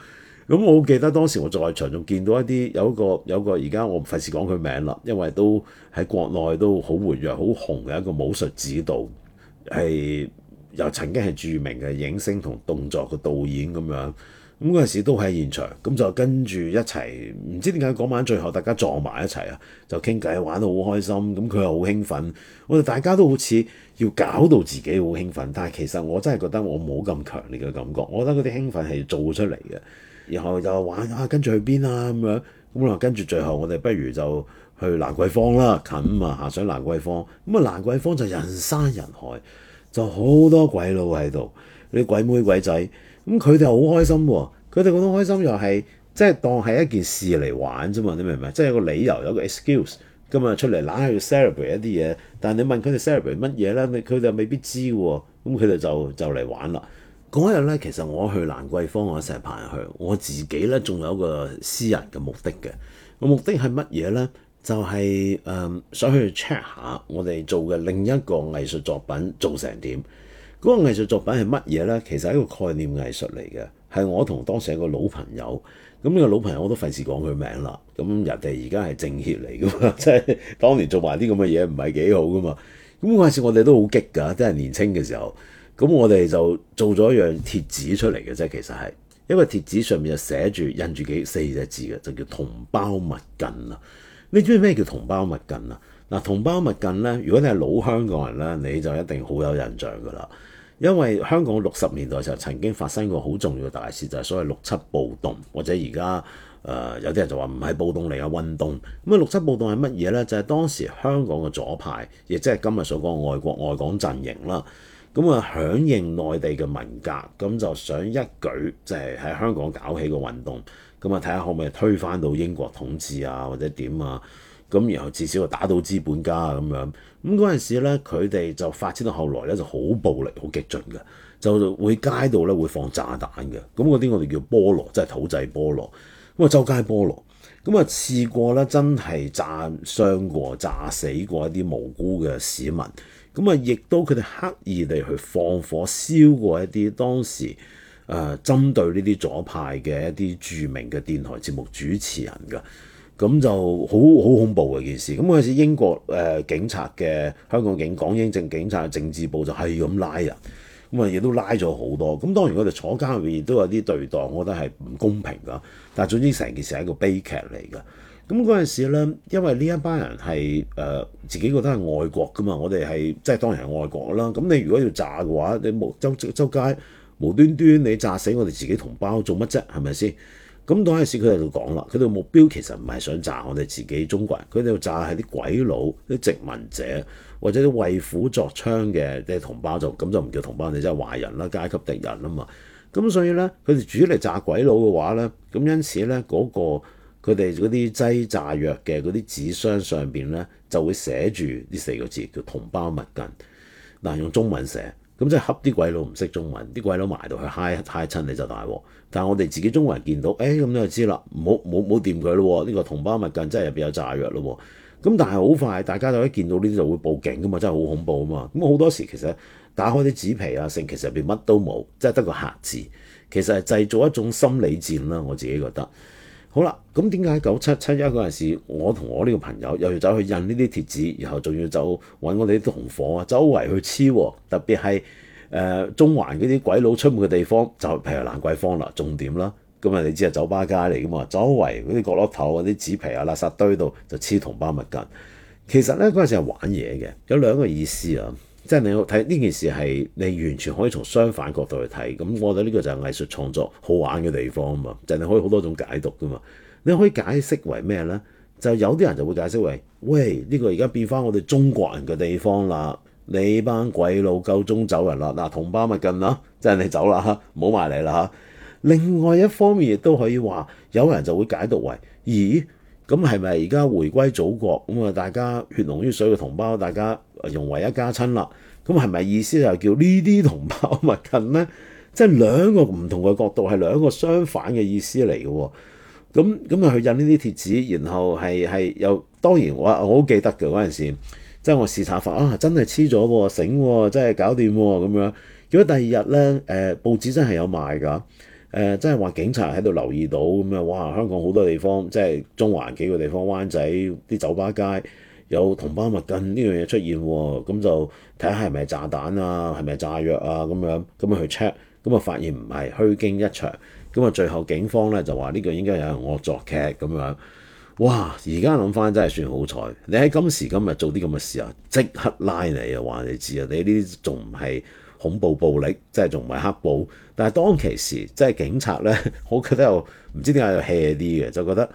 S1: 咁我記得當時我在場仲見到一啲有個有個，而家我唔費事講佢名啦，因為都喺國內都好活躍、好紅嘅一個武術指導，係又曾經係著名嘅影星同動作嘅導演咁樣。咁嗰陣時都喺現場，咁就跟住一齊，唔知點解嗰晚最後大家撞埋一齊啊，就傾偈玩得好開心，咁佢又好興奮，我哋大家都好似要搞到自己好興奮，但係其實我真係覺得我冇咁強烈嘅感覺，我覺得嗰啲興奮係做出嚟嘅，然後就玩啊，跟住去邊啊咁樣，咁啊跟住最後我哋不如就去蘭桂坊啦，近啊，下水蘭桂坊，咁啊蘭桂坊就人山人海，就好多鬼佬喺度，啲鬼妹鬼仔。咁佢哋好開心喎、啊，佢哋嗰種開心又、就、係、是、即係當係一件事嚟玩啫嘛，你明唔明？即係有個理由，有個 excuse 咁啊出嚟，懶係去 celebrate 一啲嘢。但係你問佢哋 celebrate 乜嘢咧，佢哋又未必知喎。咁佢哋就就嚟玩啦。嗰日咧，其實我去蘭桂坊我成日班人去，我自己咧仲有一個私人嘅目的嘅。個目的係乜嘢咧？就係、是、誒、呃、想去 check 下我哋做嘅另一個藝術作品做成點。嗰個藝術作品係乜嘢呢？其實係一個概念藝術嚟嘅，係我同當時一個老朋友，咁呢個老朋友我都費事講佢名啦。咁人哋而家係政協嚟噶嘛，即 係當年做埋啲咁嘅嘢唔係幾好噶嘛。咁嗰陣時我哋都好激㗎，即係年青嘅時候，咁我哋就做咗樣貼紙出嚟嘅啫。其實係因為貼紙上面就寫住印住幾四隻字嘅，就叫同胞勿近啦。你知唔知咩叫同胞勿近啊？嗱，同胞勿近呢，如果你係老香港人呢，你就一定好有印象㗎啦。因為香港六十年代時候曾經發生過好重要嘅大事，就係、是、所謂六七暴動，或者而家誒有啲人就話唔係暴動嚟啊運動。咁、嗯、啊六七暴動係乜嘢呢？就係、是、當時香港嘅左派，亦即係今日所講嘅外國外港陣營啦。咁啊響應內地嘅文革，咁、嗯、就想一舉即係喺香港搞起個運動，咁啊睇下可唔可以推翻到英國統治啊，或者點啊？咁、嗯、然後至少打到資本家咁樣。咁嗰陣時咧，佢哋就發展到後來咧，就好暴力、好激盡嘅，就會街道咧會放炸彈嘅。咁嗰啲我哋叫菠蘿，即係土製菠蘿。咁、嗯、啊周街菠蘿。咁、嗯、啊試過咧，真係炸傷過、炸死過一啲無辜嘅市民。咁、嗯、啊，亦都佢哋刻意地去放火燒過一啲當時誒、呃、針對呢啲左派嘅一啲著名嘅電台節目主持人㗎。咁就好好恐怖嘅件事。咁嗰陣時英國誒、呃、警察嘅香港警港英政警察政治部就係咁拉人，咁啊亦都拉咗好多。咁、嗯、當然我哋坐監入面亦都有啲對待，我覺得係唔公平噶。但係總之成件事係一個悲劇嚟噶。咁嗰陣時咧，因為呢一班人係誒、呃、自己覺得係愛國噶嘛，我哋係即係當然係愛國啦。咁、嗯、你如果要炸嘅話，你無周周街無端端你炸死我哋自己同胞做乜啫？係咪先？咁當陣時佢哋就講啦，佢哋目標其實唔係想炸我哋自己中國人，佢哋要炸係啲鬼佬、啲殖民者或者啲為虎作倀嘅啲同胞族，咁就唔叫同胞，你即係壞人啦、階級敵人啦嘛。咁所以咧，佢哋主力炸鬼佬嘅話咧，咁因此咧嗰、嗰個佢哋嗰啲擠炸藥嘅嗰啲紙箱上邊咧就會寫住呢四個字叫同胞勿近，嗱，用中文寫。咁即係恰啲鬼佬唔識中文，啲鬼佬埋到去嗨嗨親你就大鑊。但係我哋自己中國人見到，誒、欸、咁你就知啦，冇冇冇掂佢咯。呢、這個同胞勿近真係入邊有炸藥咯。咁但係好快，大家就一見到呢啲就會報警噶嘛，真係好恐怖啊嘛。咁好多時其實打開啲紙皮啊，成其實入邊乜都冇，即係得個嚇字。其實係製造一種心理戰啦，我自己覺得。好啦，咁點解九七七一嗰陣時，我同我呢個朋友又要走去印呢啲貼紙，然後仲要走揾我哋啲同伙啊，周圍去黐、喔，特別係誒、呃、中環嗰啲鬼佬出沒嘅地方，就譬如蘭桂坊啦，重點啦，咁啊你知係酒吧街嚟噶嘛，周圍嗰啲角落頭啊，啲紙皮啊，垃圾堆度就黐同包物近。其實咧嗰陣時係玩嘢嘅，有兩個意思啊。即係你睇呢件事係你完全可以從相反角度去睇，咁、嗯、我覺得呢個就係藝術創作好玩嘅地方啊嘛，就你可以好多種解讀噶嘛，你可以解釋為咩咧？就有啲人就會解釋為：喂，呢、這個而家變翻我哋中國人嘅地方啦，你班鬼佬夠鐘走人啦，嗱、啊，同胞咪近啦，即係你走啦嚇，唔好埋嚟啦嚇。另外一方面亦都可以話，有人就會解讀為：咦？咁係咪而家回歸祖國咁啊？大家血濃於水嘅同胞，大家融為一家親啦。咁係咪意思就叫呢啲同胞密近呢？即係兩個唔同嘅角度，係兩個相反嘅意思嚟嘅。咁咁啊，去印呢啲貼紙，然後係係又當然我我好記得嘅嗰陣時，即係我視察翻啊，真係黐咗喎，醒喎，真係搞掂喎咁樣。結果第二日呢，誒、呃、報紙真係有賣㗎。誒，真係話警察喺度留意到咁樣，哇！香港好多地方，即係中環幾個地方、灣仔啲酒吧街有同板物證呢樣嘢出現喎，咁、哦、就睇下係咪炸彈啊，係咪炸藥啊，咁樣咁去 check，咁啊發現唔係虛驚一場，咁啊最後警方咧就話呢個應該有人惡作劇咁樣，哇！而家諗翻真係算好彩，你喺今時今日做啲咁嘅事啊，即刻拉你呀話你知啊，你呢啲仲唔係？恐怖暴力，即係仲唔係黑暴？但係當其時，即係警察咧，我覺得又唔知又點解又 hea 啲嘅，就覺得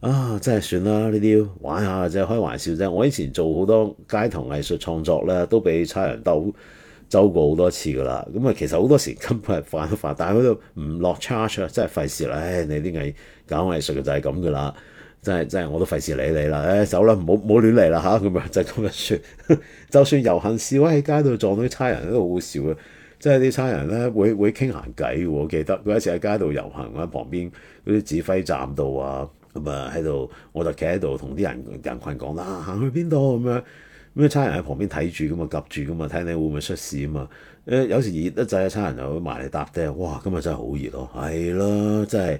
S1: 啊，真係算啦，呢啲玩下啫，真係開玩笑啫。我以前做好多街頭藝術創作咧，都俾差人鬥周過好多次噶啦。咁啊，其實好多時根本係犯都犯，但係佢都唔落 charge，真係費事啦。唉，你啲藝搞藝術嘅就係咁噶啦。真係真係，我都費事理你啦！誒、哎，走啦，唔好唔好亂嚟啦嚇，咁、啊、樣真係咁樣算。 就算遊行示威喺街度撞到啲差人，都好好笑嘅。即係啲差人咧，會會傾閒偈。我記得嗰一次喺街度遊行喺旁邊嗰啲指揮站度啊，咁啊喺度，我就企喺度同啲人人羣講啦，行、啊、去邊度咁樣？咩差人喺旁邊睇住咁啊，夾住咁啊，睇你會唔會出事啊嘛？誒有時熱得滯啊，差人就會埋嚟搭的。哇，今日真係好熱咯、啊，係啦，真係。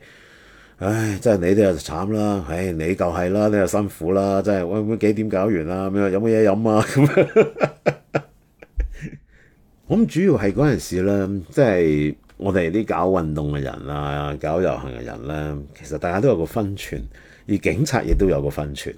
S1: 唉，真係你哋又慘啦，唉，你就係啦，你又辛苦啦，真係，喂，幾點搞完啊？咁樣有乜嘢飲啊？咁，咁主要係嗰陣時咧，即係我哋啲搞運動嘅人啊，搞遊行嘅人咧，其實大家都有個分寸，而警察亦都有個分寸。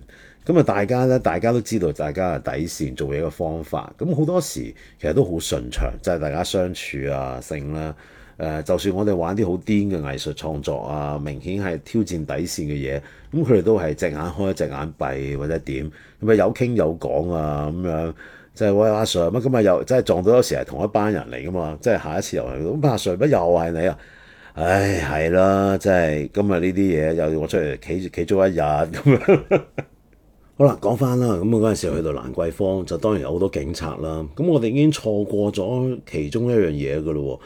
S1: 咁啊，大家咧，大家都知道大家嘅底線，做嘢嘅方法。咁好多時其實都好順暢，即係大家相處啊，性啦。誒、呃，就算我哋玩啲好癲嘅藝術創作啊，明顯係挑戰底線嘅嘢，咁佢哋都係隻眼開一隻眼閉或者點，咁咪有傾有講啊咁樣，就係、是、喂，阿、啊、Sir，乜今日又真係撞到有時係同一班人嚟㗎嘛，即係下一次又係咁，阿、啊、Sir，乜又係你啊？唉，係啦，真係今日呢啲嘢又我出嚟企住企足一日咁樣 好。好啦，講翻啦，咁我嗰時去到蘭桂坊，就當然有好多警察啦。咁我哋已經錯過咗其中一樣嘢㗎啦喎。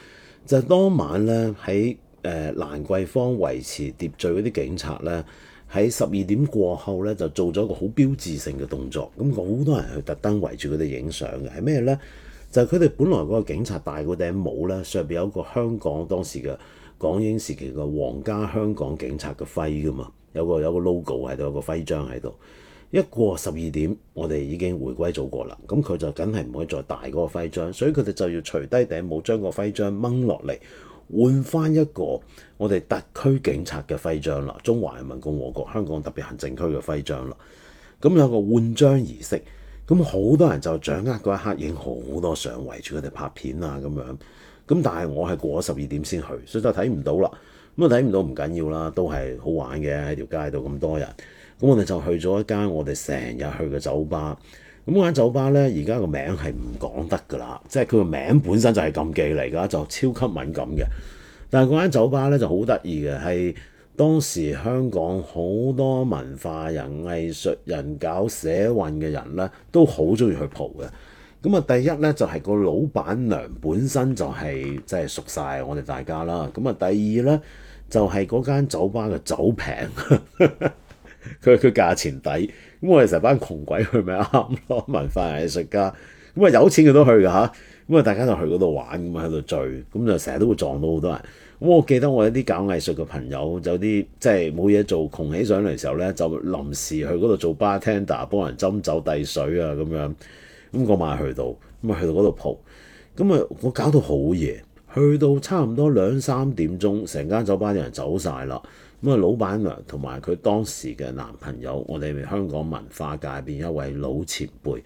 S1: 就當晚咧，喺誒蘭桂坊維持秩序嗰啲警察咧，喺十二點過後咧，就做咗個好標誌性嘅動作，咁好多人去特登圍住佢哋影相嘅係咩咧？就係佢哋本來個警察戴嗰頂帽咧，上邊有個香港當時嘅港英時期嘅皇家香港警察嘅徽㗎嘛，有個有個 logo 喺度，有個徽章喺度。一過十二點，我哋已經回歸做過啦。咁佢就梗係唔可以再大嗰個徽章，所以佢哋就要除低頂帽，將個徽章掹落嚟，換翻一個我哋特區警察嘅徽章啦，中華人民共和國香港特別行政區嘅徽章啦。咁有個換章儀式，咁好多人就掌握嗰一刻影好多相，圍住佢哋拍片啊咁樣。咁但係我係過咗十二點先去，所以就睇唔到啦。咁啊睇唔到唔緊要啦，都係好玩嘅喺條街度咁多人。咁我哋就去咗一間我哋成日去嘅酒吧。咁間酒吧呢，而家個名係唔講得㗎啦，即係佢個名本身就係禁忌嚟㗎，就超級敏感嘅。但係嗰間酒吧呢，就好得意嘅，係當時香港好多文化人、藝術人搞社運嘅人呢，都好中意去蒲嘅。咁啊，第一呢，就係、是、個老闆娘本身就係即係熟晒我哋大家啦。咁啊，第二呢，就係、是、嗰間酒吧嘅酒平。 佢佢價錢抵，咁我哋成班窮鬼去咪啱咯， 文化藝術家，咁啊有錢佢都去噶嚇，咁啊大家就去嗰度玩，咁啊喺度聚，咁就成日都會撞到好多人。咁我記得我有啲搞藝術嘅朋友，有啲即係冇嘢做，窮起上嚟時候咧，就臨時去嗰度做 bartender，幫人斟酒遞水啊咁樣。咁嗰晚去到，咁啊去到嗰度蒲，咁啊我搞到好夜，去到差唔多兩三點鐘，成間酒吧啲人走晒啦。咁啊，老闆娘同埋佢當時嘅男朋友，我哋香港文化界邊一位老前輩，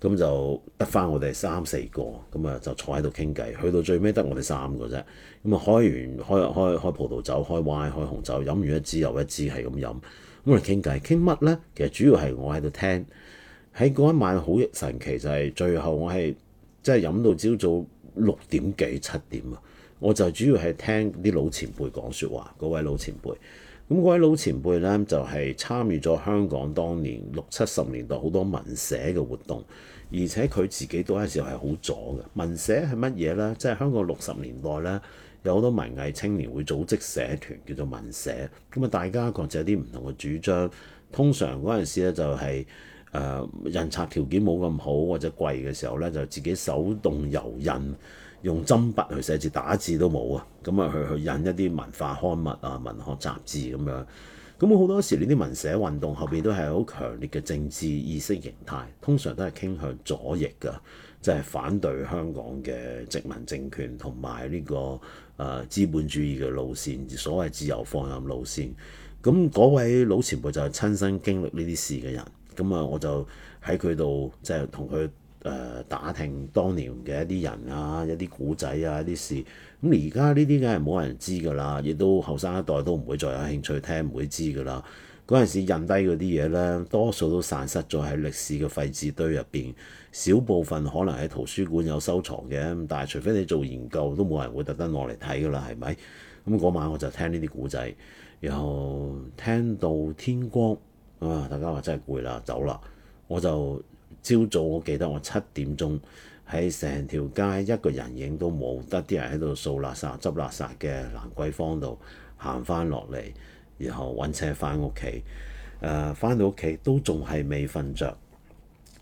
S1: 咁就得返我哋三四個，咁啊就坐喺度傾偈。去到最尾得我哋三個啫。咁啊，開完開開開葡萄酒，開歪開紅酒，飲完一支又一支係咁飲。咁我哋傾偈傾乜呢？其實主要係我喺度聽。喺嗰一晚好神奇、就係，就係最後我係即係飲到朝早六點幾七點啊！我就主要係聽啲老前輩講說話，嗰位老前輩，咁嗰位老前輩呢，就係、是、參與咗香港當年六七十年代好多文社嘅活動，而且佢自己嗰陣時係好左嘅。文社係乜嘢呢？即係香港六十年代呢，有好多文藝青年會組織社團叫做文社，咁啊大家各自有啲唔同嘅主張。通常嗰陣時咧就係誒印刷條件冇咁好或者貴嘅時候呢，就自己手動油印。用針筆去寫字，打字都冇啊！咁啊，去去印一啲文化刊物啊、文學雜誌咁樣。咁好多時呢啲文社運動後邊都係好強烈嘅政治意識形態，通常都係傾向左翼㗎，即係反對香港嘅殖民政權同埋呢個誒資本主義嘅路線，所謂自由放任路線。咁嗰位老前輩就係親身經歷呢啲事嘅人，咁啊，我就喺佢度即係同佢，就是誒打聽當年嘅一啲人啊，一啲古仔啊，一啲事。咁而家呢啲梗係冇人知㗎啦，亦都後生一代都唔會再有興趣聽，唔會知㗎啦。嗰陣時印低嗰啲嘢咧，多數都散失咗喺歷史嘅廢紙堆入邊，少部分可能喺圖書館有收藏嘅。但係除非你做研究，都冇人會特登攞嚟睇㗎啦，係咪？咁嗰晚我就聽呢啲古仔，然後聽到天光，啊大家話真係攰啦，走啦，我就。朝早我記得我七點鐘，喺成條街一個人影都冇，得啲人喺度掃垃圾、執垃圾嘅蘭桂坊度行翻落嚟，然後揾車翻屋企。誒、呃，翻到屋企都仲係未瞓着，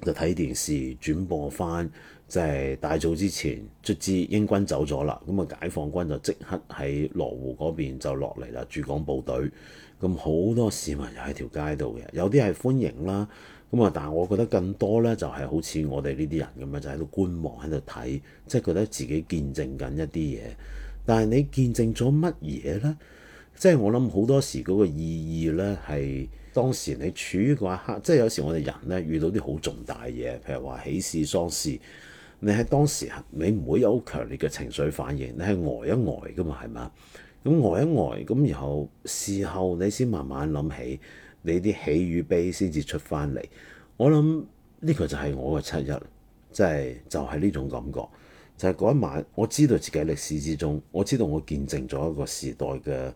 S1: 就睇電視轉播翻，即係大早之前，卒之英軍走咗啦，咁啊解放軍就即刻喺羅湖嗰邊就落嚟啦，駐港部隊，咁好多市民又喺條街度嘅，有啲係歡迎啦。咁啊！但係我覺得更多咧，就係好似我哋呢啲人咁樣，就喺度觀望，喺度睇，即係覺得自己見證緊一啲嘢。但係你見證咗乜嘢咧？即係我諗好多時嗰個意義咧，係當時你處於嗰一刻，即係有時我哋人咧遇到啲好重大嘢，譬如話喜事喪事，你喺當時你唔會有好強烈嘅情緒反應，你係呆一呆㗎嘛，係嘛？咁呆一呆，咁然後事後你先慢慢諗起。你啲喜與悲先至出翻嚟，我諗呢、這個就係我嘅七一，即係就係、是、呢、就是、種感覺，就係、是、嗰一晚，我知道自己喺歷史之中，我知道我見證咗一個時代嘅誒、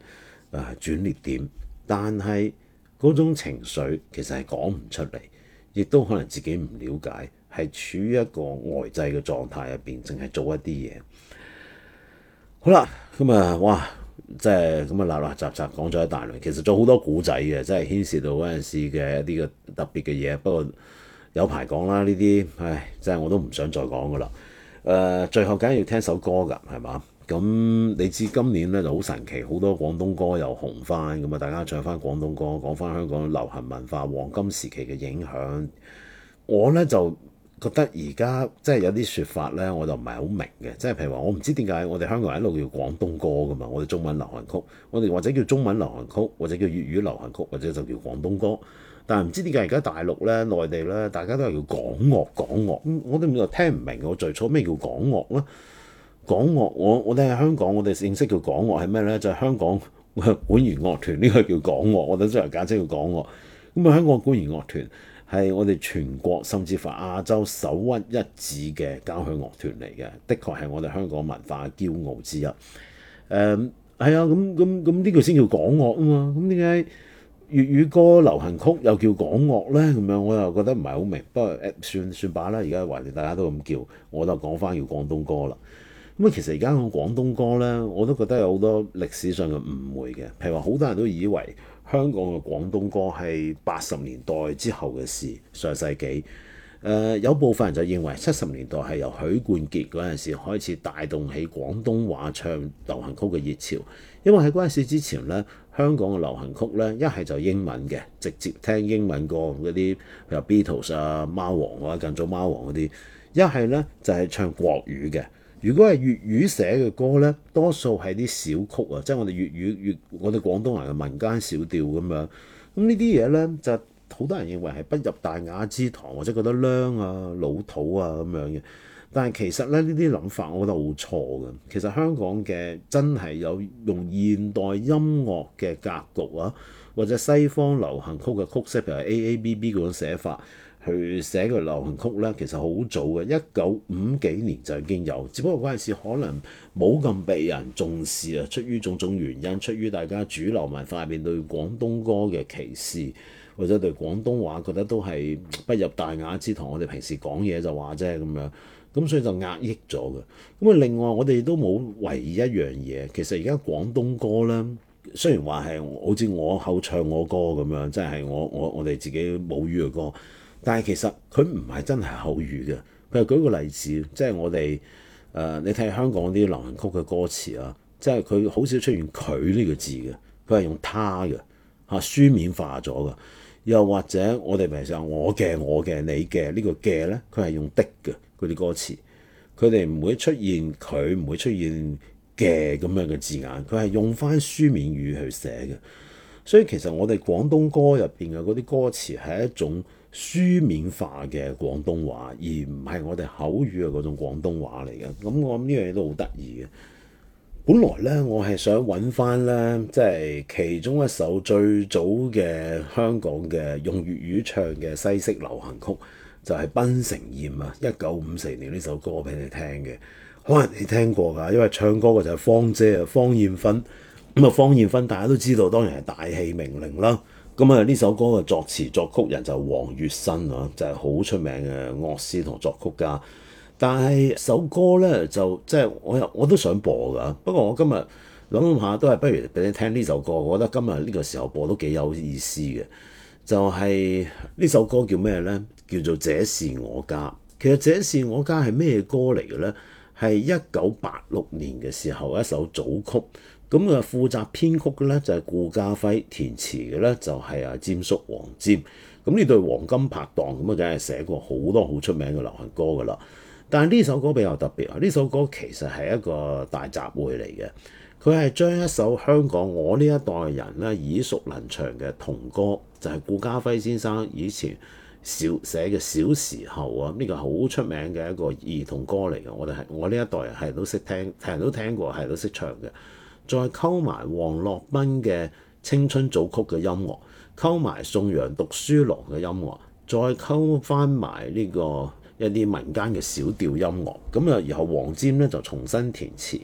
S1: 呃、轉捩點，但係嗰種情緒其實係講唔出嚟，亦都可能自己唔了解，係處於一個外在嘅狀態入邊，淨係做一啲嘢。好啦，咁啊，哇！即係咁啊，拉拉雜雜講咗一大輪，其實仲好多古仔嘅，即係牽涉到嗰陣時嘅一啲嘅特別嘅嘢。不過有排講啦，呢啲唉，即係我都唔想再講噶啦。誒、呃，最後梗係要聽首歌㗎，係嘛？咁你知今年咧就好神奇，好多廣東歌又紅翻，咁啊大家唱翻廣東歌，講翻香港流行文化黃金時期嘅影響。我咧就，覺得而家即係有啲説法咧，我就唔係好明嘅。即係譬如話，我唔知點解我哋香港人一路叫廣東歌噶嘛，我哋中文流行曲，我哋或者叫中文流行曲，或者叫粵語流行曲，或者就叫廣東歌。但係唔知點解而家大陸咧、內地咧，大家都係叫港樂港樂。我都唔知聽唔明，我最初咩叫港樂咧。港樂，我我，喺香港，我哋認識叫港樂係咩咧？就係、是、香港管絃樂團呢、這個叫港樂，我哋真係簡稱叫港樂。咁啊，香港管絃樂團，係我哋全國甚至乎亞洲首屈一指嘅交響樂團嚟嘅，的確係我哋香港文化嘅驕傲之一。誒、嗯，係啊，咁咁咁呢句先叫港樂啊嘛，咁點解粵語歌流行曲又叫港樂咧？咁樣我又覺得唔係好明，不過誒算算罷啦，而家還是大家都咁叫，我就講翻叫廣東歌啦。咁啊，其實而家講廣東歌咧，我都覺得有好多歷史上嘅誤會嘅，譬如話好多人都以為。香港嘅廣東歌係八十年代之後嘅事，上世紀。誒、呃、有部分人就認為七十年代係由許冠傑嗰陣時開始帶動起廣東話唱流行曲嘅熱潮，因為喺嗰陣時之前咧，香港嘅流行曲咧一係就英文嘅，直接聽英文歌嗰啲，譬如 Beatles 啊、貓王啊，更早貓王嗰啲；一係咧就係唱國語嘅。如果係粵語寫嘅歌咧，多數係啲小曲啊，即係我哋粵語粵，我哋廣東人嘅民間小調咁樣。咁呢啲嘢咧，就好多人認為係不入大雅之堂，或者覺得娘啊、老土啊咁樣嘅。但係其實咧，呢啲諗法我覺得好錯嘅。其實香港嘅真係有用現代音樂嘅格局啊，或者西方流行曲嘅曲式，譬如 AABB 嗰種寫法，去寫個流行曲咧，其實好早嘅，一九五幾年就已經有，只不過嗰陣時可能冇咁被人重視啊。出於種種原因，出於大家主流文化入面對廣東歌嘅歧視，或者對廣東話覺得都係不入大雅之堂，我哋平時講嘢就話啫咁樣，咁所以就壓抑咗嘅。咁啊，另外我哋都冇唯一一樣嘢，其實而家廣東歌咧，雖然話係好似我口唱我歌咁樣，即係我我我哋自己母語嘅歌。但係其實佢唔係真係口語嘅。佢係舉個例子，即係我哋誒、呃，你睇香港啲流行曲嘅歌詞啊，即係佢好少出現佢呢、呢個字嘅，佢係用他嘅嚇書面化咗嘅。又或者我哋平常我嘅我嘅你嘅、呢個、呢個嘅咧，佢係用的嘅嗰啲歌詞，佢哋唔會出現佢，唔會出現嘅咁樣嘅字眼，佢係用翻書面語去寫嘅。所以其實我哋廣東歌入邊嘅嗰啲歌詞係一種。書面化嘅廣東話，而唔係我哋口語嘅嗰種廣東話嚟嘅。咁我諗呢樣嘢都好得意嘅。本來呢，我係想揾翻呢，即係其中一首最早嘅香港嘅用粵語唱嘅西式流行曲，就係《檳城艷》。啊，一九五四年呢首歌俾你聽嘅。可能你聽過㗎，因為唱歌嘅就係芳姐啊，芳艷芬。咁啊，芳艷芬大家都知道，當然係大戲名伶啦。咁啊！呢首歌嘅作詞作曲人就黃霑啊，就係好出名嘅樂師同作曲家。但係首歌咧就即係我又我都想播㗎。不過我今日諗諗下都係不如俾你聽呢首歌。我覺得今日呢個時候播都幾有意思嘅。就係呢首歌叫咩咧？叫做《這是我家》。其實《這是我家》係咩歌嚟嘅咧？係一九八六年嘅時候一首組曲。咁啊、嗯，負責編曲嘅咧就係、是、顧嘉煇，填詞嘅咧就係、是、啊霑叔、黃、嗯、霑。咁呢對黃金拍檔咁啊，梗係寫過好多好出名嘅流行歌噶啦。但係呢首歌比較特別啊，呢首歌其實係一個大雜燴嚟嘅，佢係將一首香港我呢一代人咧耳熟能詳嘅童歌，就係、是、顧嘉煇先生以前小寫嘅小時候啊，呢、這個好出名嘅一個兒童歌嚟嘅。我哋係我呢一代人係都識聽，聽都聽過，係都識唱嘅。再溝埋黃樂斌嘅《青春組曲》嘅音樂，溝埋宋揚讀書郎嘅音樂，再溝翻埋呢個一啲民間嘅小調音樂，咁啊，然後黃霑呢就重新填詞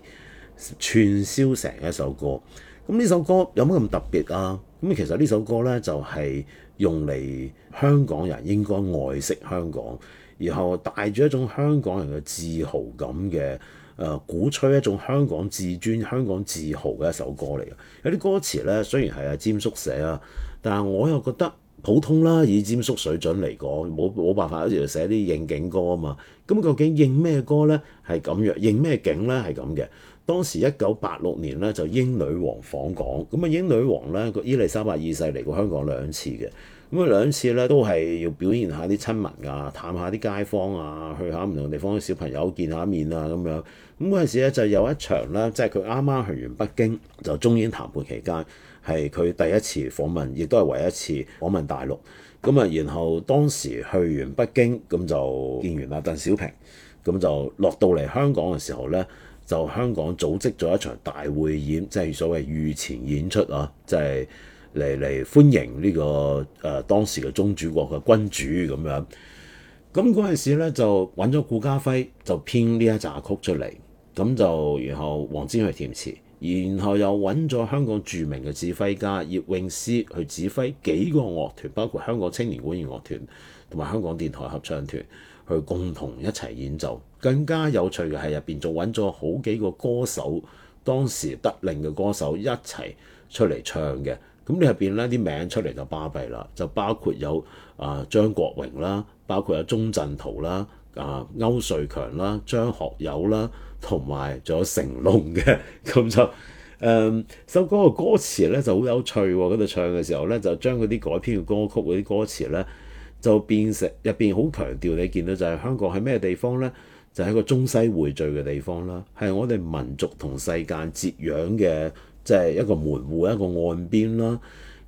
S1: 串燒成一首歌。咁呢首歌有乜咁特別啊？咁其實呢首歌咧就係用嚟香港人應該愛惜香港，然後帶住一種香港人嘅自豪感嘅。誒、呃、鼓吹一種香港自尊、香港自豪嘅一首歌嚟嘅。有啲歌詞呢，雖然係阿詹叔寫啊，但係我又覺得普通啦。以詹叔水準嚟講，冇冇辦法，好似寫啲應景歌啊嘛。咁、嗯、究竟應咩歌呢？係咁樣，應咩景呢？係咁嘅。當時一九八六年呢，就英女王訪港。咁啊，英女王呢，個伊利沙伯二世嚟過香港兩次嘅。咁啊，兩次呢，都係要表現下啲親民啊，探下啲街坊啊，去下唔同地方啲小朋友見下面啊咁樣。咁嗰陣時咧，就有一場咧，即係佢啱啱去完北京，就中英談判期間，係佢第一次訪問，亦都係唯一一次訪問大陸。咁啊，然後當時去完北京，咁就見完阿鄧小平，咁就落到嚟香港嘅時候咧，就香港組織咗一場大匯演，即係所謂御前演出啊，即係嚟嚟歡迎呢、這個誒、呃、當時嘅宗主國嘅君主咁樣。咁嗰陣時咧，就揾咗顧家輝，就編呢一集曲出嚟。咁就，然後黃霑去填詞，然後又揾咗香港著名嘅指揮家葉詠詩去指揮幾個樂團，包括香港青年管弦樂團同埋香港電台合唱團去共同一齊演奏。更加有趣嘅係入邊仲揾咗好幾個歌手，當時得令嘅歌手一齊出嚟唱嘅。咁你入邊呢啲名出嚟就巴閉啦，就包括有啊張、呃、國榮啦，包括有鍾鎮濤啦。啊，歐瑞強啦、張學友啦，同埋仲有成龍嘅，咁就誒首歌嘅歌詞咧就好有趣喎、啊！嗰度唱嘅時候咧，就將嗰啲改編嘅歌曲嗰啲歌詞咧，就變成入邊好強調你見到就係香港係咩地方咧？就係、是、一個中西匯聚嘅地方啦，係我哋民族同世界接壤嘅，即、就、係、是、一個門戶一個岸邊啦。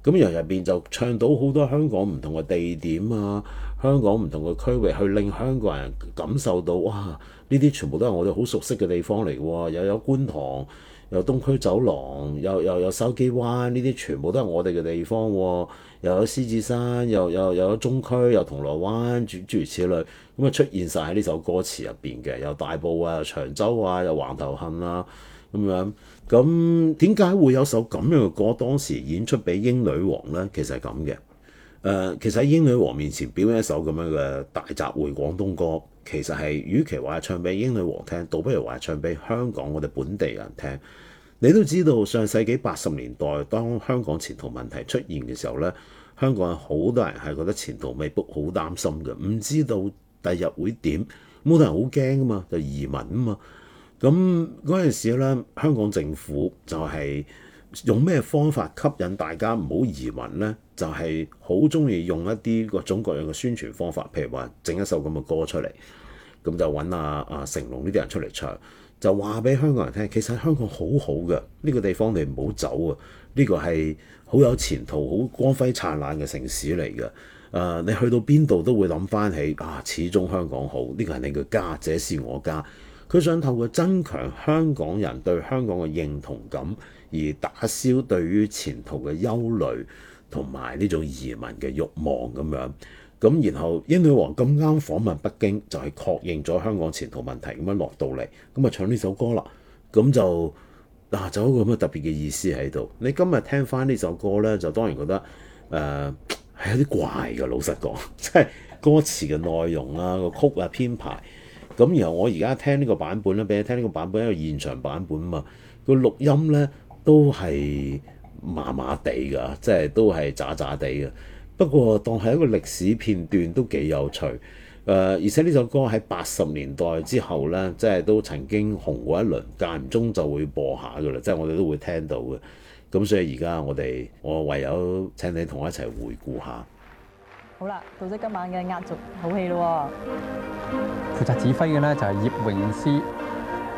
S1: 咁由入邊就唱到好多香港唔同嘅地點啊！香港唔同嘅區域，去令香港人感受到哇！呢啲全部都係我哋好熟悉嘅地方嚟喎，又有觀塘，又有東區走廊，又又又筲箕灣，呢啲全部都係我哋嘅地方喎。又有獅子山，又又有有中區，又銅鑼灣，諸如此類，咁啊出現晒喺呢首歌詞入邊嘅，又大埔啊，長洲啊，又橫頭磡啦，咁樣。咁點解會有首咁樣嘅歌，當時演出俾英女王呢？其實係咁嘅。誒、呃，其實喺英女王面前表演一首咁樣嘅大集會廣東歌，其實係與其話唱俾英女王聽，倒不如話唱俾香港我哋本地人聽。你都知道上世紀八十年代當香港前途問題出現嘅時候呢，香港好多人係覺得前途未卜，好擔心嘅，唔知道第日會點，好多人好驚噶嘛，就移民啊嘛。咁嗰陣時咧，香港政府就係用咩方法吸引大家唔好移民呢？就係好鍾意用一啲各種各樣嘅宣傳方法，譬如話整一首咁嘅歌出嚟，咁就揾阿阿成龍呢啲人出嚟唱，就話俾香港人聽。其實香港好好嘅呢個地方你，你唔好走啊！呢個係好有前途、好光輝燦爛嘅城市嚟嘅。誒、呃，你去到邊度都會諗返起啊，始終香港好呢個係你嘅家，這是我家。佢想透過增強香港人對香港嘅認同感，而打消對於前途嘅憂慮。同埋呢種移民嘅慾望咁樣，咁然後英女王咁啱訪問北京，就係、是、確認咗香港前途問題咁樣落到嚟，咁啊唱呢首歌啦，咁就嗱，啊、就有一個咁嘅特別嘅意思喺度。你今日聽翻呢首歌咧，就當然覺得誒係、呃、有啲怪嘅，老實講，即係歌詞嘅內容啦、啊，個曲啊編排。咁然後我而家聽呢個版本咧，俾你聽呢個版本，因為現場版本啊嘛，個錄音咧都係，麻麻地㗎，即係都係渣渣地嘅。不過當係一個歷史片段都幾有趣。誒、呃，而且呢首歌喺八十年代之後呢，即係都曾經紅過一輪，間唔中就會播下㗎啦，即係我哋都會聽到嘅。咁所以而家我哋，我唯有請你同我一齊回
S2: 顧下。好啦，到咗今晚嘅壓軸好戲咯。負責指揮嘅呢，就係葉詠詩，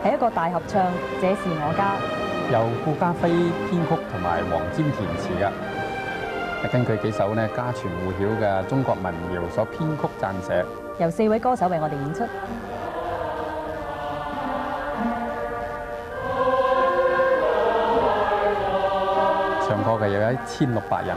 S2: 係一個大合唱，這是我家。由顧嘉輝編曲同埋黃沾填詞嘅，根據幾首呢家傳戶曉嘅中國民謠所編曲撰寫。由四位歌手為我哋演出， 唱歌嘅有一千六百人，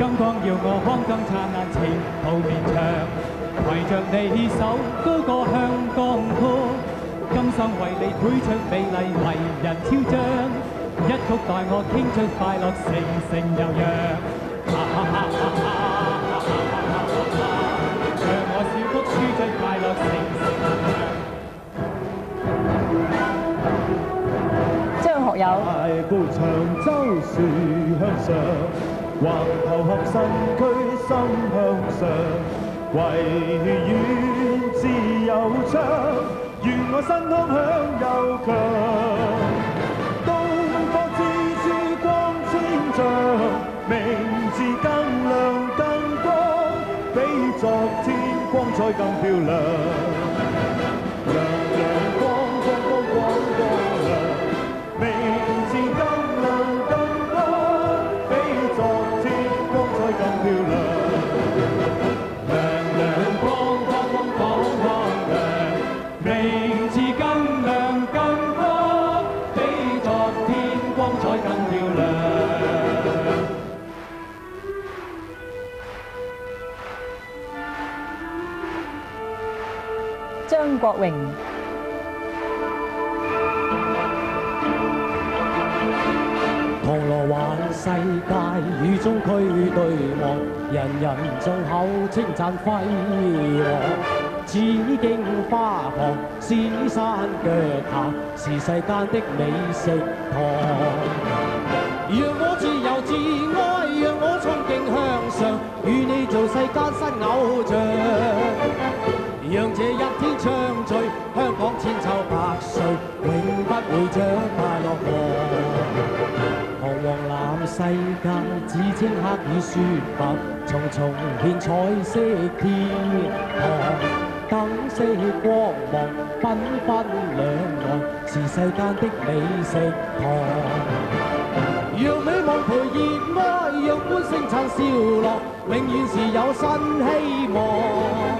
S2: 金光耀我看襟燦爛前途綿長，攜着你手高歌香港曲，今生為你譜出美麗迷人超章，一曲代我傾出快樂聲聲悠揚，哈哈哈哈哈！唱我笑曲抒出快樂聲聲悠揚。張學友。大步長洲樹向上。橫頭合身軀，心向上，唯願自由唱。願我身康強又強，東方之珠光千丈，明日更亮更光，比昨天光彩更漂亮。國榮，陀螺玩世界，雨中區對望，人人眾口稱讚輝煌。紫荊花旁，是山腳下，是世間的美食堂。讓我自由自愛，讓我憧憬向上，與你做世間新偶像。讓這一天暢聚，香港千秋百歲，永不會將快樂忘。紅黃藍世界，紫青黑與雪白，重重現彩色天堂。燈飾光芒，繽紛兩岸，是世間的美食堂。讓美夢陪熱愛，讓歡聲燦笑樂，永遠是有新希望。